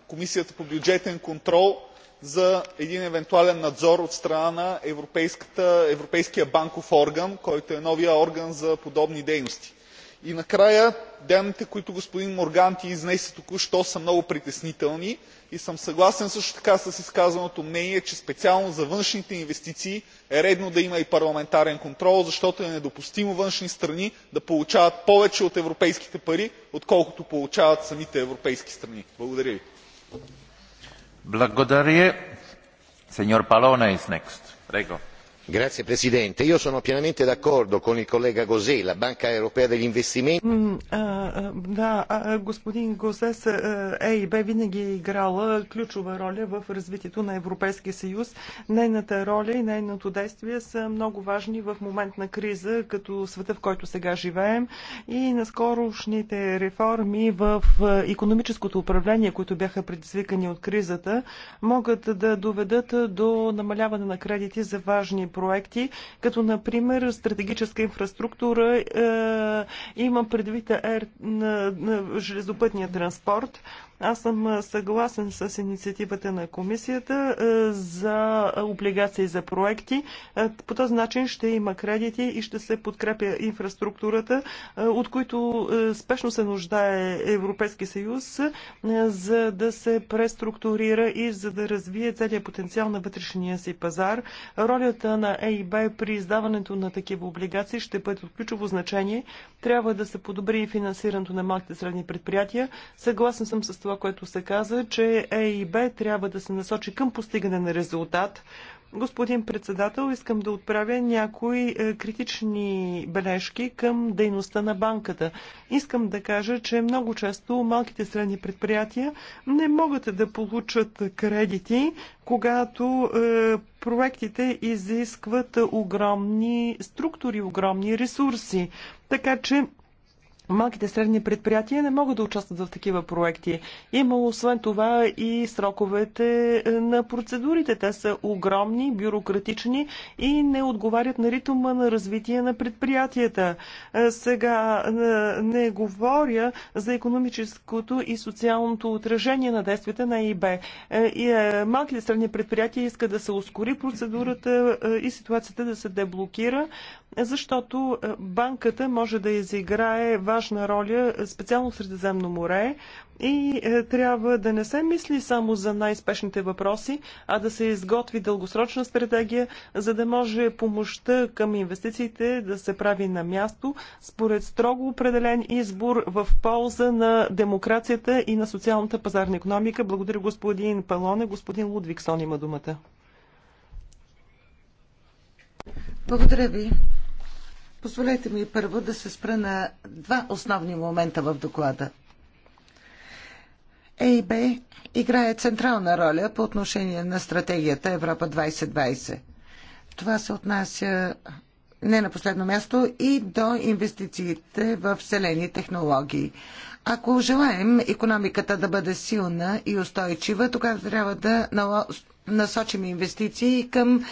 комисията по бюджетен контрол за един евентуален надзор от страна на европейския банков орган който е новият орган за подобни дейности. и накрая данните които господин морганти изнесе току що са много притеснителни и съм съгласен също така с изказаното мнение че специално за външните инвестиции е редно да има и парламентарен контрол защото е недопустимо външни страни да получават повече от европейските пари отколкото получават самите европейски страни. благодаря ви signor presidente onorevoli colleghi io sono pienamente d'accordo con il collega gauzs la banca europea degli investimenti. да господин gauzs eib е винаги е играла ключова роля в развитието на европейския съюз. нейната роля и нейното действие са много важни в момент на криза като света в който сега живеем и наскорошните реформи в економическото управление които бяха предизвикани от кризата могат да доведат до намаляване на кредити за важни проекти, като например стратегическа инфраструктура, е, има предвид е, железопътния транспорт. Аз съм съгласен с инициативата на комисията за облигации за проекти. По този начин ще има кредити и ще се подкрепя инфраструктурата, от които спешно се нуждае Европейски съюз, за да се преструктурира и за да развие целият потенциал на вътрешния си пазар. Ролята на ЕИБ при издаването на такива облигации ще бъде от ключово значение. Трябва да се подобри финансирането на малките средни предприятия. Съгласен съм с това, което се каза, че Е и Б трябва да се насочи към постигане на резултат. Господин председател, искам да отправя някои е, критични бележки към дейността на банката. Искам да кажа, че много често малките средни предприятия не могат да получат кредити, когато е, проектите изискват огромни структури, огромни ресурси. Така че Малките средни предприятия не могат да участват в такива проекти. Има освен това и сроковете е, на процедурите. Те са огромни, бюрократични и не отговарят на ритма на развитие на предприятията. Е, сега е, не говоря за економическото и социалното отражение на действията на ИБ. Малките средни предприятия искат да се ускори процедурата и ситуацията да се деблокира, защото банката може да изиграе важна важна роля, специално в Средиземно море, и е, трябва да не се мисли само за най-спешните въпроси, а да се изготви дългосрочна стратегия, за да може помощта към инвестициите да се прави на място, според строго определен избор в полза на демокрацията и на социалната пазарна економика. Благодаря господин Палоне. Господин Лудвиксон има думата. Благодаря ви. Позволете ми първо да се спра на два основни момента в доклада. ЕИБ играе централна роля по отношение на стратегията Европа 2020. Това се отнася не на последно място и до инвестициите в зелени технологии. Ако желаем економиката да бъде силна и устойчива, тогава трябва да насочим инвестиции към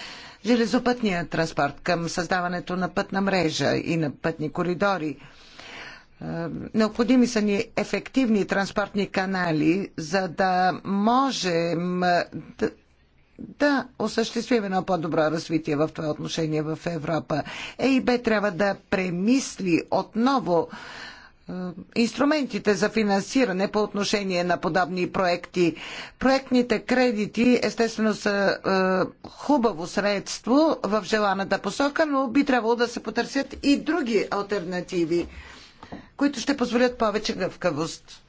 железопътния транспорт, към създаването на пътна мрежа и на пътни коридори. Е, необходими са ни ефективни транспортни канали, за да можем да, да осъществим едно по-добро развитие в това отношение в Европа. ЕИБ трябва да премисли отново е, инструментите за финансиране по отношение на подобни проекти. Проектните кредити естествено са е, хубаво средство в желаната посока, но би трябвало да се потърсят и други альтернативи, които ще позволят повече гъвкавост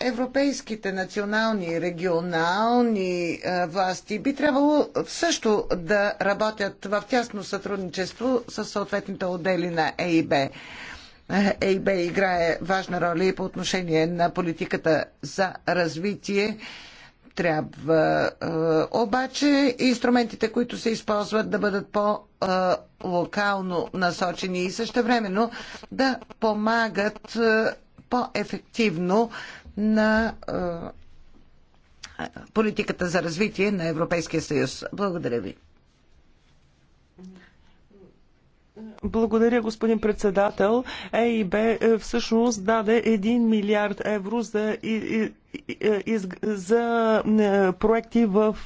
европейските национални, и регионални власти би трябвало също да работят в тясно сътрудничество с съответните отдели на ЕИБ. ЕИБ играе важна роля и по отношение на политиката за развитие. Трябва обаче инструментите, които се използват, да бъдат по-локално насочени и също времено да помагат по-ефективно на политиката за развитие на Европейския съюз. Благодаря ви. Благодаря, господин председател. ЕИБ е, всъщност даде 1 милиард евро за е, е, за е, проекти в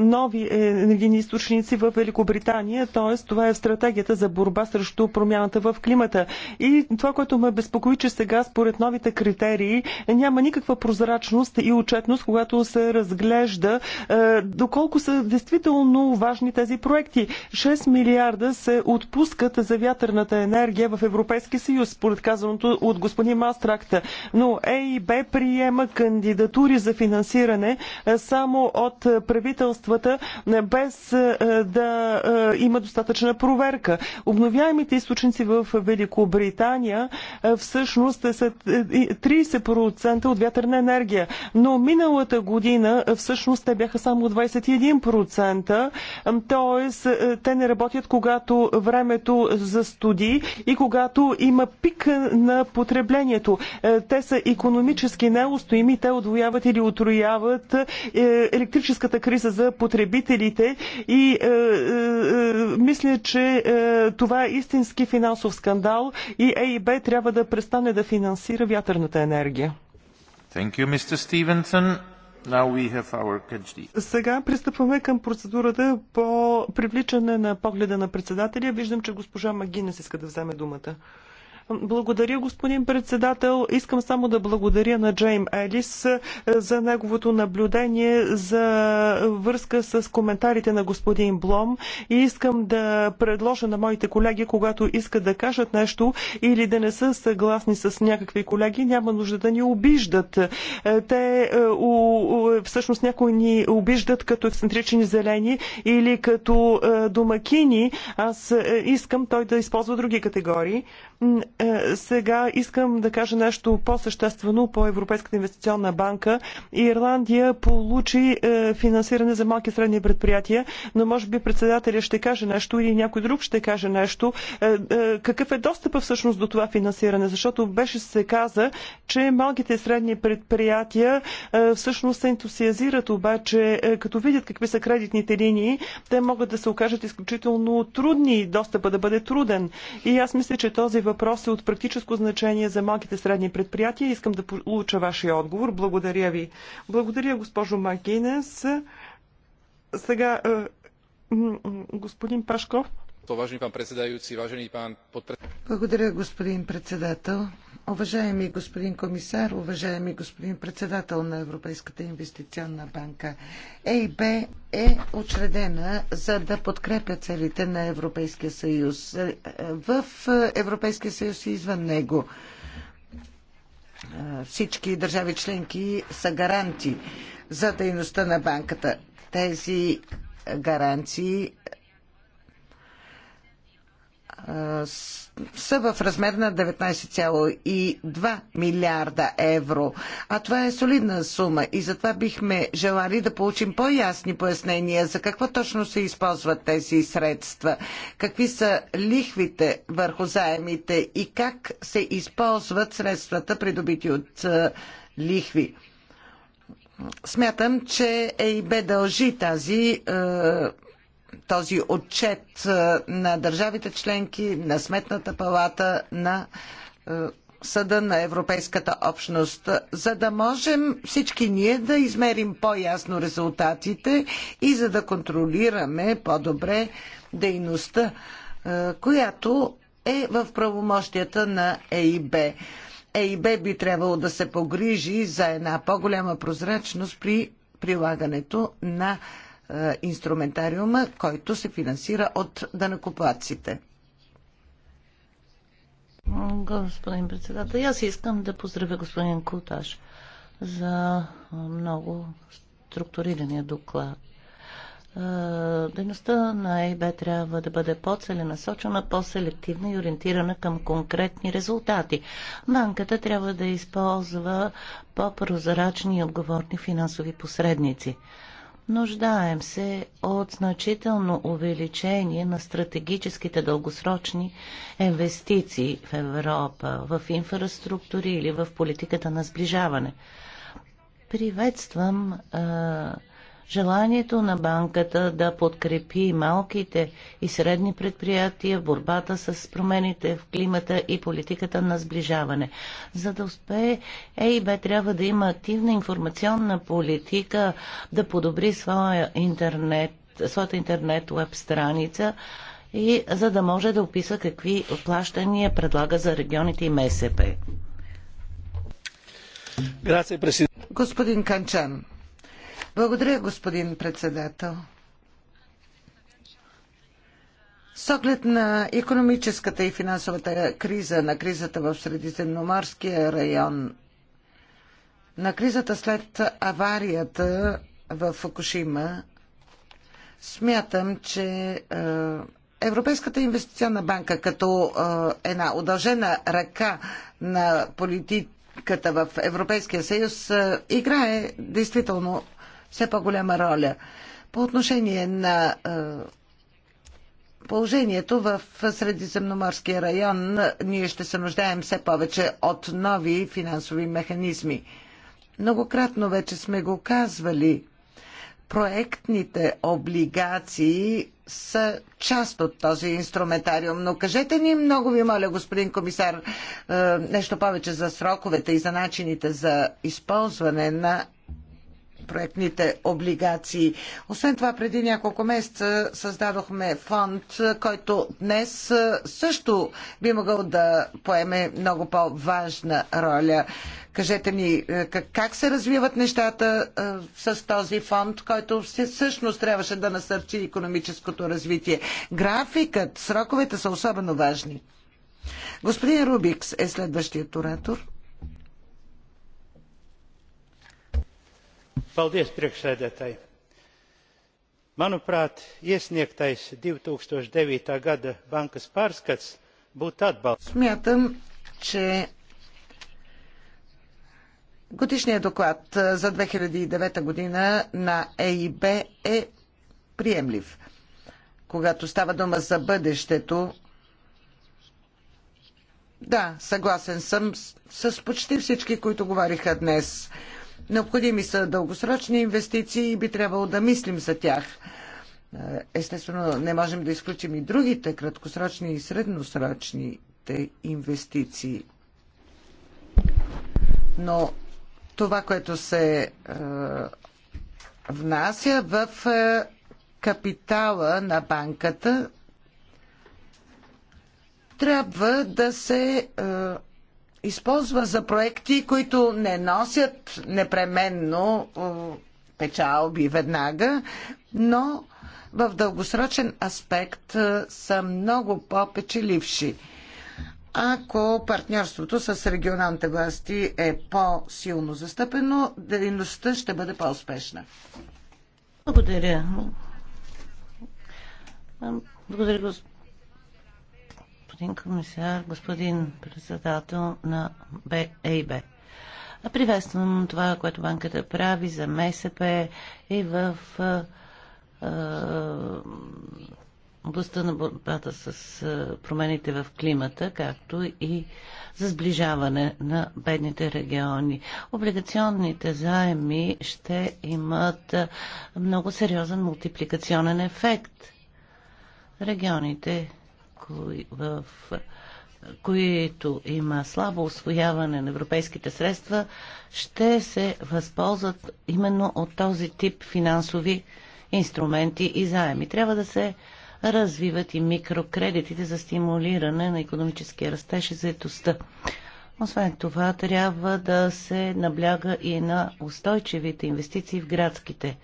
нови енергийни източници в Великобритания, т.е. това е стратегията за борба срещу промяната в климата. И това, което ме безпокои, че сега според новите критерии няма никаква прозрачност и отчетност, когато се разглежда доколко са действително важни тези проекти. 6 милиарда се отпускат за вятърната енергия в Европейския съюз, според казаното от господин Мастракта. Но ЕИБ и при приема кандидатури за финансиране само от правителствата, без да има достатъчна проверка. Обновяемите източници в Великобритания всъщност са 30% е, от вятърна енергия, но миналата година всъщност те бяха само 21%, т.е. те не работят когато времето застуди и когато има пик на потреблението. Е, те са економически не неустоими, те отвояват или отрояват е, електрическата криза за потребителите и е, е, мисля, че това е истински финансов скандал и ЕИБ трябва да престане да финансира вятърната енергия. Thank you, Mr. Stevenson. Сега пристъпваме към процедурата по привличане на погледа на председателя. Виждам, че госпожа Магинес иска да вземе думата. Благодаря, господин председател. Искам само да благодаря на Джейм Елис е, за неговото наблюдение за връзка с коментарите на господин Блом и искам да предложа на моите колеги, когато искат да кажат нещо или да не са съгласни с някакви колеги, няма нужда да ни обиждат. Е, те е, всъщност някои ни обиждат като ексцентрични зелени или като домакини. Аз искам той да използва други категории. Е, сега искам да кажа нещо по-съществено по Европейската инвестиционна банка. Ирландия получи е, финансиране за малки и средни предприятия, но може би председателя ще каже нещо или някой друг ще каже нещо. Е, какъв е достъпа всъщност до това финансиране? Защото беше се каза, че малките и средни предприятия всъщност се ентусиазират, обаче като видят какви са кредитните линии, те могат да се окажат изключително трудни достъпа да бъде труден. И аз мисля, че този въпрос въпрос е от практическо значение за малките средни предприятия. Искам да получа вашия отговор. Благодаря ви. Благодаря, госпожо Макинес. Сега, е, господин Пашков. Благодаря, господин председател. Уважаеми господин комисар, уважаеми господин председател на Европейската инвестиционна банка, ЕИБ е учредена за да подкрепя целите на Европейския съюз в Европейския съюз и извън него. Всички държави членки са гаранти за дейността на банката. Тези гаранции са в размер на 19,2 милиарда евро. А това е солидна сума и затова бихме желали да получим по-ясни пояснения за какво точно се използват тези средства, какви са лихвите върху заемите и как се използват средствата, придобити от лихви. Смятам, че ЕИБ дължи тази този отчет на държавите членки, на Сметната палата, на Съда на Европейската общност, за да можем всички ние да измерим по-ясно резултатите и за да контролираме по-добре дейността, която е в правомощията на ЕИБ. ЕИБ би трябвало да се погрижи за една по-голяма прозрачност при прилагането на е, инструментариума, който се финансира от данакоплаците. Господин председател, аз искам да поздравя господин Куташ за много структурирания доклад. Е, дейността на ЕБ трябва да бъде по-целенасочена, по-селективна и ориентирана към конкретни резултати. Банката трябва да използва по-прозрачни и отговорни финансови посредници. Нуждаем се от значително увеличение на стратегическите дългосрочни инвестиции в Европа, в инфраструктури или в политиката на сближаване. Приветствам а, Желанието на банката да подкрепи малките и средни предприятия в борбата с промените в климата и политиката на сближаване. За да успее ЕИБ трябва да има активна информационна политика, да подобри своя интернет, своята интернет веб страница и за да може да описва какви плащания предлага за регионите и МСП. Господин Канчан, благодаря, господин председател. С оглед на економическата и финансовата криза, на кризата в Средиземноморския район, на кризата след аварията в Фукушима, смятам, че е, Европейската инвестиционна банка като е, една удължена ръка на политиката в Европейския съюз е, играе действително все по-голяма роля. По отношение на е, положението в Средиземноморския район, ние ще се нуждаем все повече от нови финансови механизми. Многократно вече сме го казвали. Проектните облигации са част от този инструментариум. Но кажете ни, много ви моля, господин комисар, е, нещо повече за сроковете и за начините за използване на проектните облигации. Освен това, преди няколко месеца създадохме фонд, който днес също би могъл да поеме много по-важна роля. Кажете ми как се развиват нещата е, с този фонд, който всъщност трябваше да насърчи економическото развитие. Графикът, сроковете са особено важни. Господин Рубикс е следващият оратор. manuprāt iesniegtais Manuprāt, tūkstoši devītā gada bankas pārskats būtu atbalsts. Смятам, че доклад за 2009 година на ЕИБ е приемлив. Когато става дума за бъдещето, да, съгласен съм с, с почти всички, които говориха днес. Необходими са дългосрочни инвестиции и би трябвало да мислим за тях. Е, естествено, не можем да изключим и другите краткосрочни и средносрочните инвестиции. Но това, което се е, внася в е, капитала на банката, трябва да се е, използва за проекти, които не носят непременно печалби веднага, но в дългосрочен аспект е, са много по-печеливши. Ако партньорството с регионалните власти е по-силно застъпено, дейността ще бъде по-успешна. Благодаря. Благодаря, господин господин комисар, господин председател на ЕИБ. Приветствам това, което банката прави за МСП и в областта на борбата с промените в климата, както и за сближаване на бедните региони. Облигационните заеми ще имат много сериозен мултипликационен ефект. Регионите кои, в които има слабо освояване на европейските средства, ще се възползват именно от този тип финансови инструменти и заеми. Трябва да се развиват и микрокредитите за стимулиране на економическия растеж и заедостта. Освен това, трябва да се набляга и на устойчивите инвестиции в градските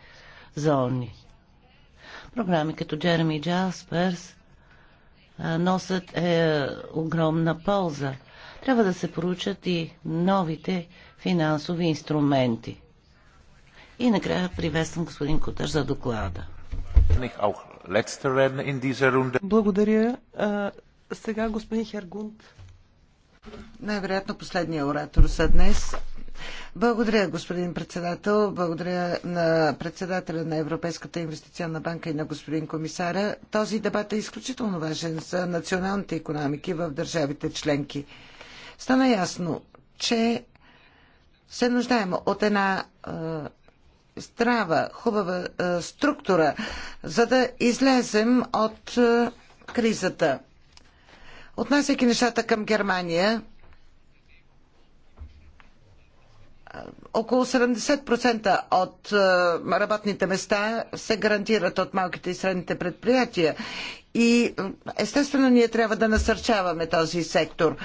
зони. Програми като Джереми Джаспърс носят е, е, огромна полза. Трябва да се поручат и новите финансови инструменти. И накрая приветствам господин Кутър за доклада. Благодаря. Сега господин Хергунд. Най-вероятно последния оратор за днес. Благодаря, господин председател. Благодаря на председателя на Европейската инвестиционна банка и на господин комисара. Този дебат е изключително важен за националните економики в държавите членки. Стана ясно, че се нуждаем от една здрава, хубава структура, за да излезем от кризата. Отнасяйки нещата към Германия, около 70% от е, работните места се гарантират от малките и средните предприятия. И е, естествено ние трябва да насърчаваме този сектор.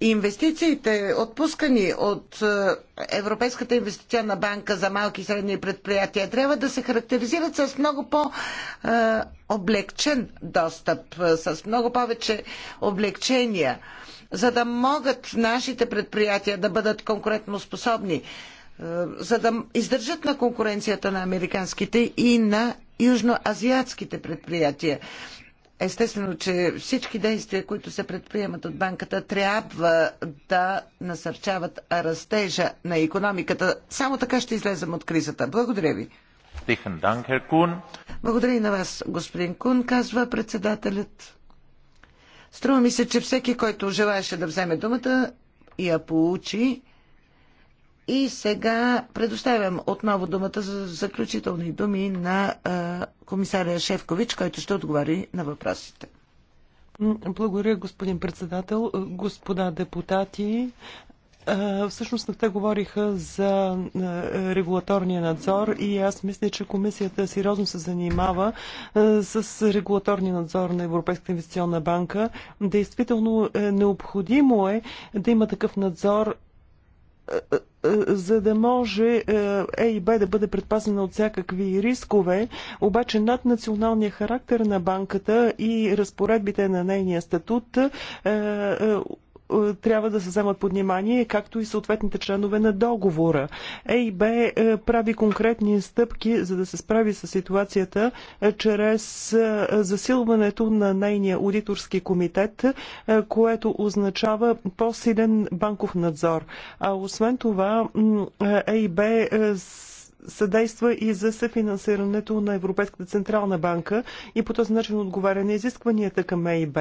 Инвестициите, отпускани от е, Европейската инвестиционна банка за малки и средни предприятия, трябва да се характеризират с много по-облегчен е, достъп, е, с много повече облегчения, за да могат нашите предприятия да бъдат конкурентоспособни, за да издържат на конкуренцията на американските и на южноазиатските предприятия. Естествено, че всички действия, които се предприемат от банката, трябва да насърчават растежа на економиката. Само така ще излезем от кризата. Благодаря ви. Благодаря и на вас, господин Кун, казва председателят. Струва ми се, че всеки, който желаеше да вземе думата, я получи. И сега предоставям отново думата за заключителни думи на комисаря Шефкович, който ще отговори на въпросите. Благодаря, господин председател, господа депутати. Всъщност те говориха за регулаторния надзор и аз мисля, че комисията сериозно се занимава с регулаторния надзор на Европейската инвестиционна банка. Действително е, необходимо е да има такъв надзор за да може е, и Б да бъде предпазена от всякакви рискове, обаче над националния характер на банката и разпоредбите на нейния статут е, е, е, трябва да се вземат под внимание, както и съответните членове на договора. ЕИБ е, прави конкретни стъпки, за да се справи с ситуацията, е, чрез засилването на нейния аудиторски комитет, което означава по-силен банков надзор. А освен това, ЕИБ съдейства и за съфинансирането на Европейската централна банка и по този начин отговаря на изискванията към ЕИБ.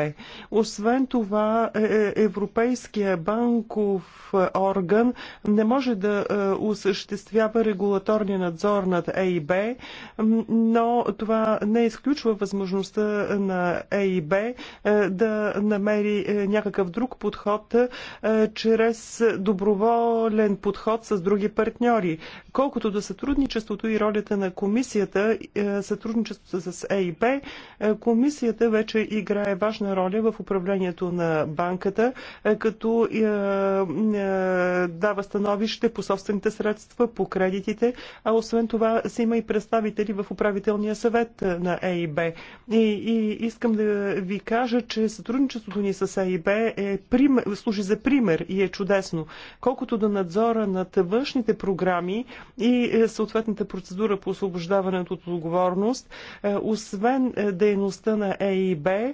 Освен това, е, е, Европейския банков е, орган не може да осъществява регулаторния надзор над ЕИБ, но това не изключва възможността на ЕИБ да намери някакъв друг подход чрез доброволен подход с други партньори. Колкото до сътрудничество, сътрудничеството и ролята на комисията, е, сътрудничеството с ЕИБ, е, комисията вече играе важна роля в управлението на банката, е, като дава становище по собствените средства, по кредитите, а освен това се има и представители в управителния съвет на ЕИБ. И, и искам да ви кажа, че сътрудничеството ни с ЕИБ е пример, служи за пример и е чудесно. Колкото до надзора над външните програми и съответната процедура по освобождаването от отговорност, е, освен е, дейността на ЕИБ е,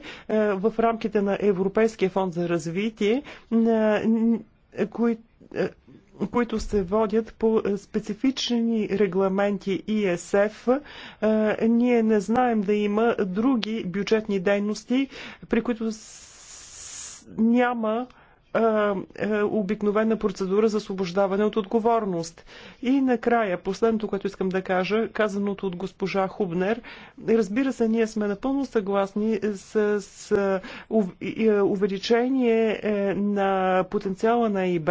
в рамките на Европейския фонд за развитие, които които се водят по специфични регламенти ИСФ. Ние не знаем да има други бюджетни дейности, при които няма е, обикновена процедура за освобождаване от отговорност. И накрая, последното, което искам да кажа, казаното от госпожа Хубнер, разбира се, ние сме напълно съгласни с, с е, е, увеличение на потенциала на ИБ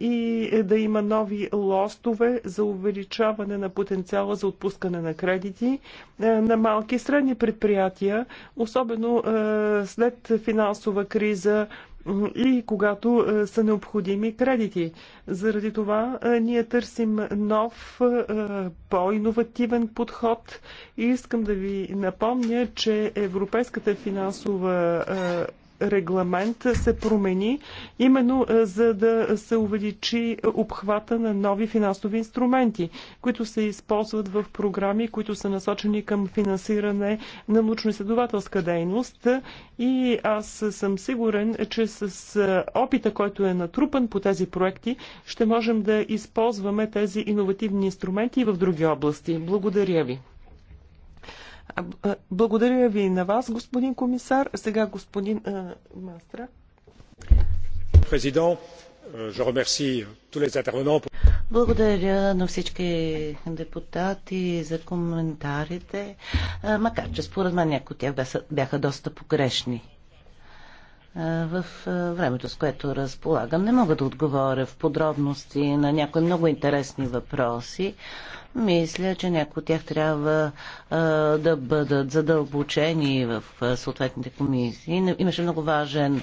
и да има нови лостове за увеличаване на потенциала за отпускане на кредити на малки и средни предприятия, особено след финансова криза, и когато е, са необходими кредити. Заради това е, ние търсим нов, е, по-инновативен подход и искам да ви напомня, че Европейската финансова регламент се промени, именно е, за да се увеличи обхвата на нови финансови инструменти, които се използват в програми, които са насочени към финансиране на научно-изследователска дейност. И аз съм сигурен, че с е, опита, който е натрупан по тези проекти, ще можем да използваме тези иновативни инструменти и в други области. Благодаря ви. Благодаря ви на вас, господин комисар. Сега господин а, Мастра. Президент, благодаря на всички депутати за коментарите, макар че според мен някои от тях бяха доста погрешни в времето, с което разполагам. Не мога да отговоря в подробности на някои много интересни въпроси. Мисля, че някои от тях трябва да бъдат задълбочени в съответните комисии. Имаше много важен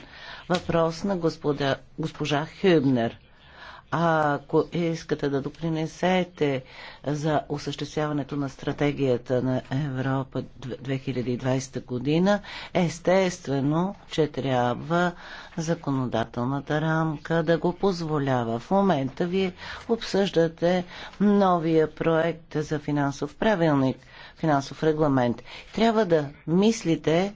въпрос на госпожа Хюбнер – ако искате да допринесете за осъществяването на стратегията на Европа 2020 година, естествено, че трябва законодателната рамка да го позволява. В момента вие обсъждате новия проект за финансов правилник, финансов регламент. Трябва да мислите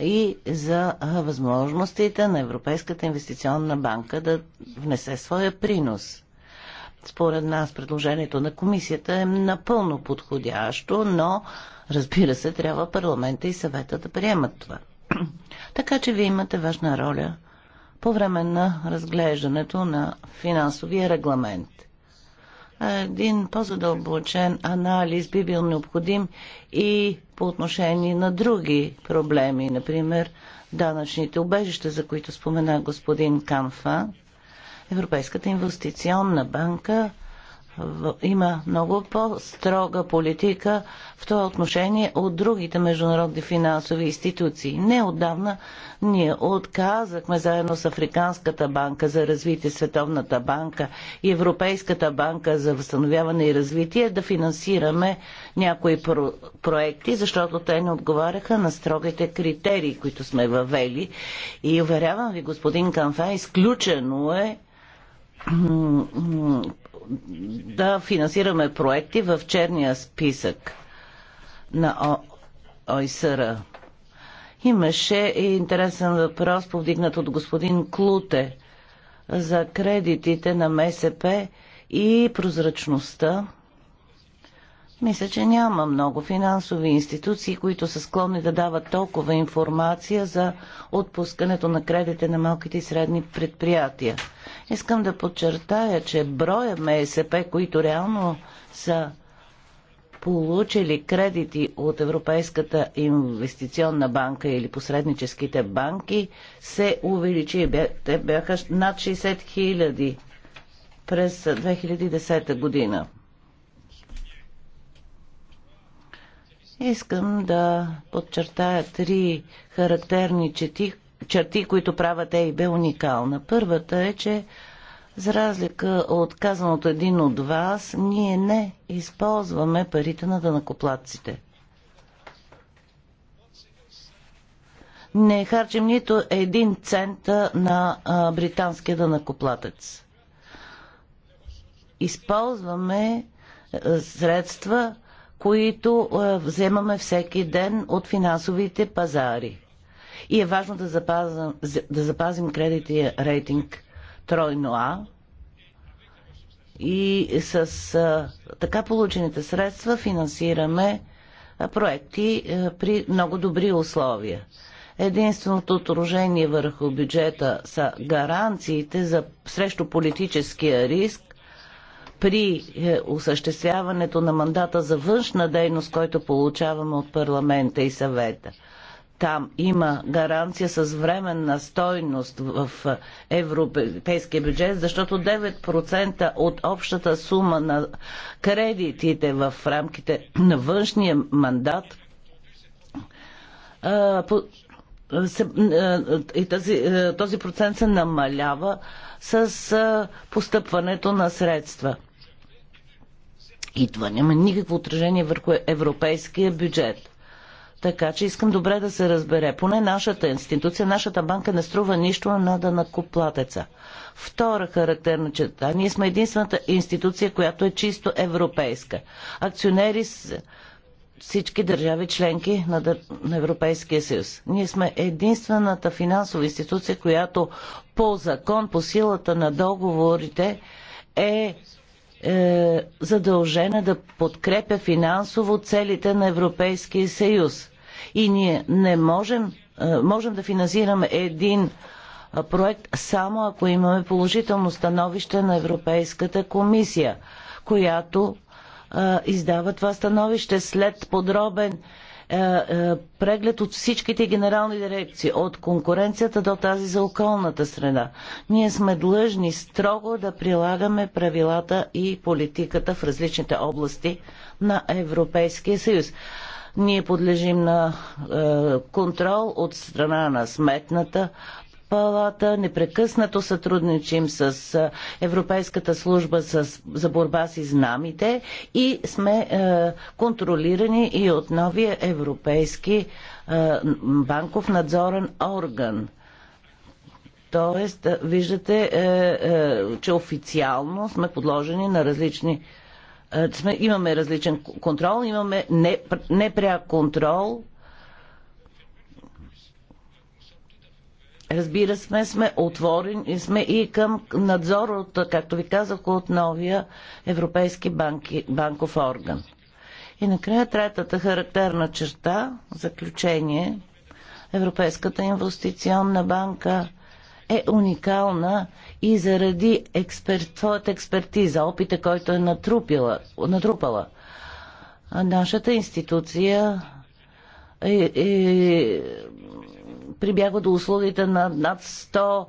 и за възможностите на Европейската инвестиционна банка да внесе своя принос. Според нас предложението на комисията е напълно подходящо, но разбира се, трябва парламента и съвета да приемат това. така че вие имате важна роля по време на разглеждането на финансовия регламент един по-задълбочен анализ би бил необходим и по отношение на други проблеми, например данъчните убежища, за които спомена господин Канфа, Европейската инвестиционна банка има много по-строга политика в това отношение от другите международни финансови институции. Неодавна ние отказахме заедно с Африканската банка за развитие, Световната банка и Европейската банка за възстановяване и развитие да финансираме някои про- проекти, защото те не отговаряха на строгите критерии, които сме въвели. И уверявам ви, господин Канфа, изключено е да финансираме проекти в черния списък на ОИСР. Имаше и интересен въпрос, повдигнат от господин Клуте, за кредитите на МСП и прозрачността. Мисля, че няма много финансови институции, които са склонни да дават толкова информация за отпускането на кредите на малките и средни предприятия. Искам да подчертая, че броя МСП, които реално са получили кредити от Европейската инвестиционна банка или посредническите банки, се увеличи. Те бяха над 60 хиляди през 2010 година. Искам да подчертая три характерни чети, черти, които правят ЕИБ уникална. Първата е, че за разлика от казаното един от вас, ние не използваме парите на дънакоплатците. Не харчим нито един цент на британския дънакоплатец. Използваме е, средства, които е, вземаме всеки ден от финансовите пазари и е важно да запазим, да запазим кредития рейтинг тройно А и с а, така получените средства финансираме а, проекти а, при много добри условия. Единственото отражение върху бюджета са гаранциите за, срещу политическия риск при е, осъществяването на мандата за външна дейност, който получаваме от парламента и съвета там има гаранция с временна стойност в европейския бюджет, защото 9% от общата сума на кредитите в рамките на външния мандат и тази, този процент се намалява с постъпването на средства. И това няма никакво отражение върху европейския бюджет. Така че искам добре да се разбере. Поне нашата институция, нашата банка не струва нищо на да накоплатеца. Втора характерна черта. Ние сме единствената институция, която е чисто европейска. Акционери с всички държави членки на, Дър... на Европейския съюз. Ние сме единствената финансова институция, която по закон, по силата на договорите е е задължена да подкрепя финансово целите на Европейския съюз. И ние не можем, е, можем да финансираме един е, проект само ако имаме положително становище на Европейската комисия, която е, издава това становище след подробен е, е, преглед от всичките генерални дирекции, от конкуренцията до тази за околната среда. Ние сме длъжни строго да прилагаме правилата и политиката в различните области на Европейския съюз. Ние подлежим на е, контрол от страна на сметната палата. Непрекъснато сътрудничим с Европейската служба за борба с измамите и сме контролирани и от новия европейски банков надзорен орган. Тоест, виждате, е, е, че официално сме подложени на различни. Имаме различен контрол, имаме непряк контрол Разбира сме, сме отворени сме и към надзор от, както ви казах, от новия Европейски банки, банков орган. И накрая третата характерна черта, заключение, Европейската инвестиционна банка е уникална и заради експерт, твоята експертиза, опита, който е натрупила, натрупала. А нашата институция е, е прибягва до услугите на над 100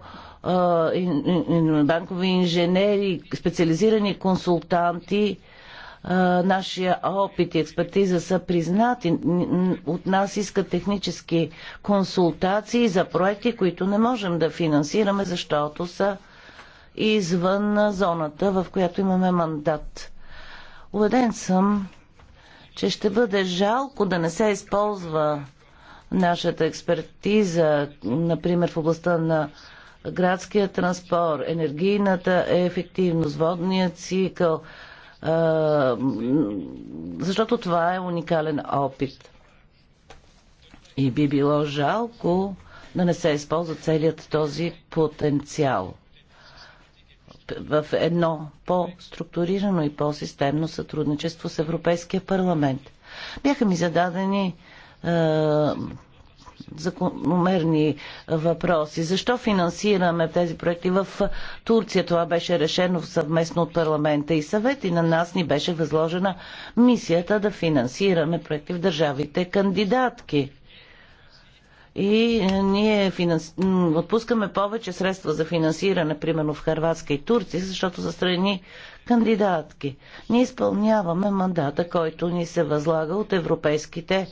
банкови инженери, специализирани консултанти, нашия опит и експертиза са признати. От нас искат технически консултации за проекти, които не можем да финансираме, защото са извън зоната, в която имаме мандат. Убеден съм, че ще бъде жалко да не се използва нашата експертиза, например в областта на градския транспорт, енергийната ефективност, водния цикъл, защото това е уникален опит. И би било жалко да не се използва целият този потенциал в едно по-структурирано и по-системно сътрудничество с Европейския парламент. Бяха ми зададени е, закономерни въпроси. Защо финансираме тези проекти в Турция? Това беше решено съвместно от парламента и съвет и на нас ни беше възложена мисията да финансираме проекти в държавите кандидатки. И ние финанс... отпускаме повече средства за финансиране, примерно в Харватска и Турция, защото са страни кандидатки. Ние изпълняваме мандата, който ни се възлага от европейските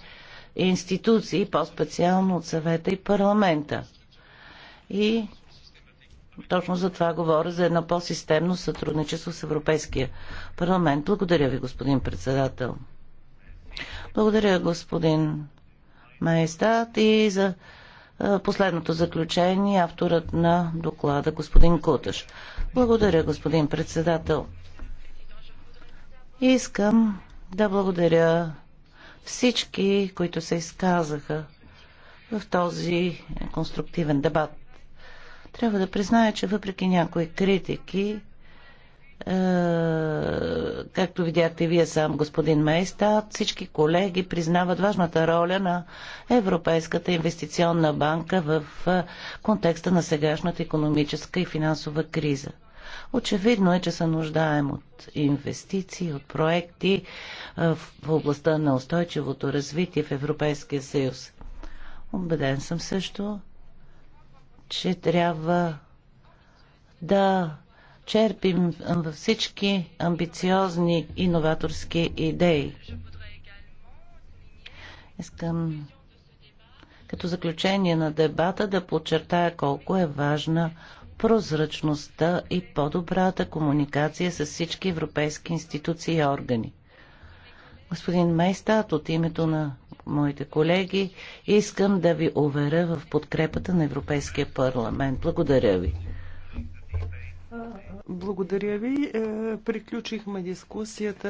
институции, по-специално от съвета и парламента. И точно за това говоря за едно по-системно сътрудничество с Европейския парламент. Благодаря ви, господин председател. Благодаря, господин Майстат и за последното заключение авторът на доклада, господин Куташ. Благодаря, господин председател. Искам да благодаря всички, които се изказаха в този конструктивен дебат. Трябва да призная, че въпреки някои критики, е, както видяхте вие сам, господин Мейстат, всички колеги признават важната роля на Европейската инвестиционна банка в е, контекста на сегашната економическа и финансова криза. Очевидно е, че се нуждаем от инвестиции, от проекти в областта на устойчивото развитие в Европейския съюз. Обеден съм също, че трябва да черпим във всички амбициозни иноваторски идеи. Искам като заключение на дебата да подчертая колко е важна прозрачността и по-добрата комуникация с всички европейски институции и органи. Господин Майстат, от името на моите колеги, искам да ви уверя в подкрепата на Европейския парламент. Благодаря ви. Благодаря ви. Е, приключихме дискусията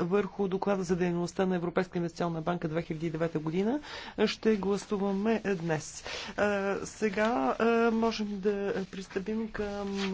е, върху доклада за дейността на Европейска инвестиционна банка 2009 година. Ще гласуваме днес. Е, сега можем да пристъпим към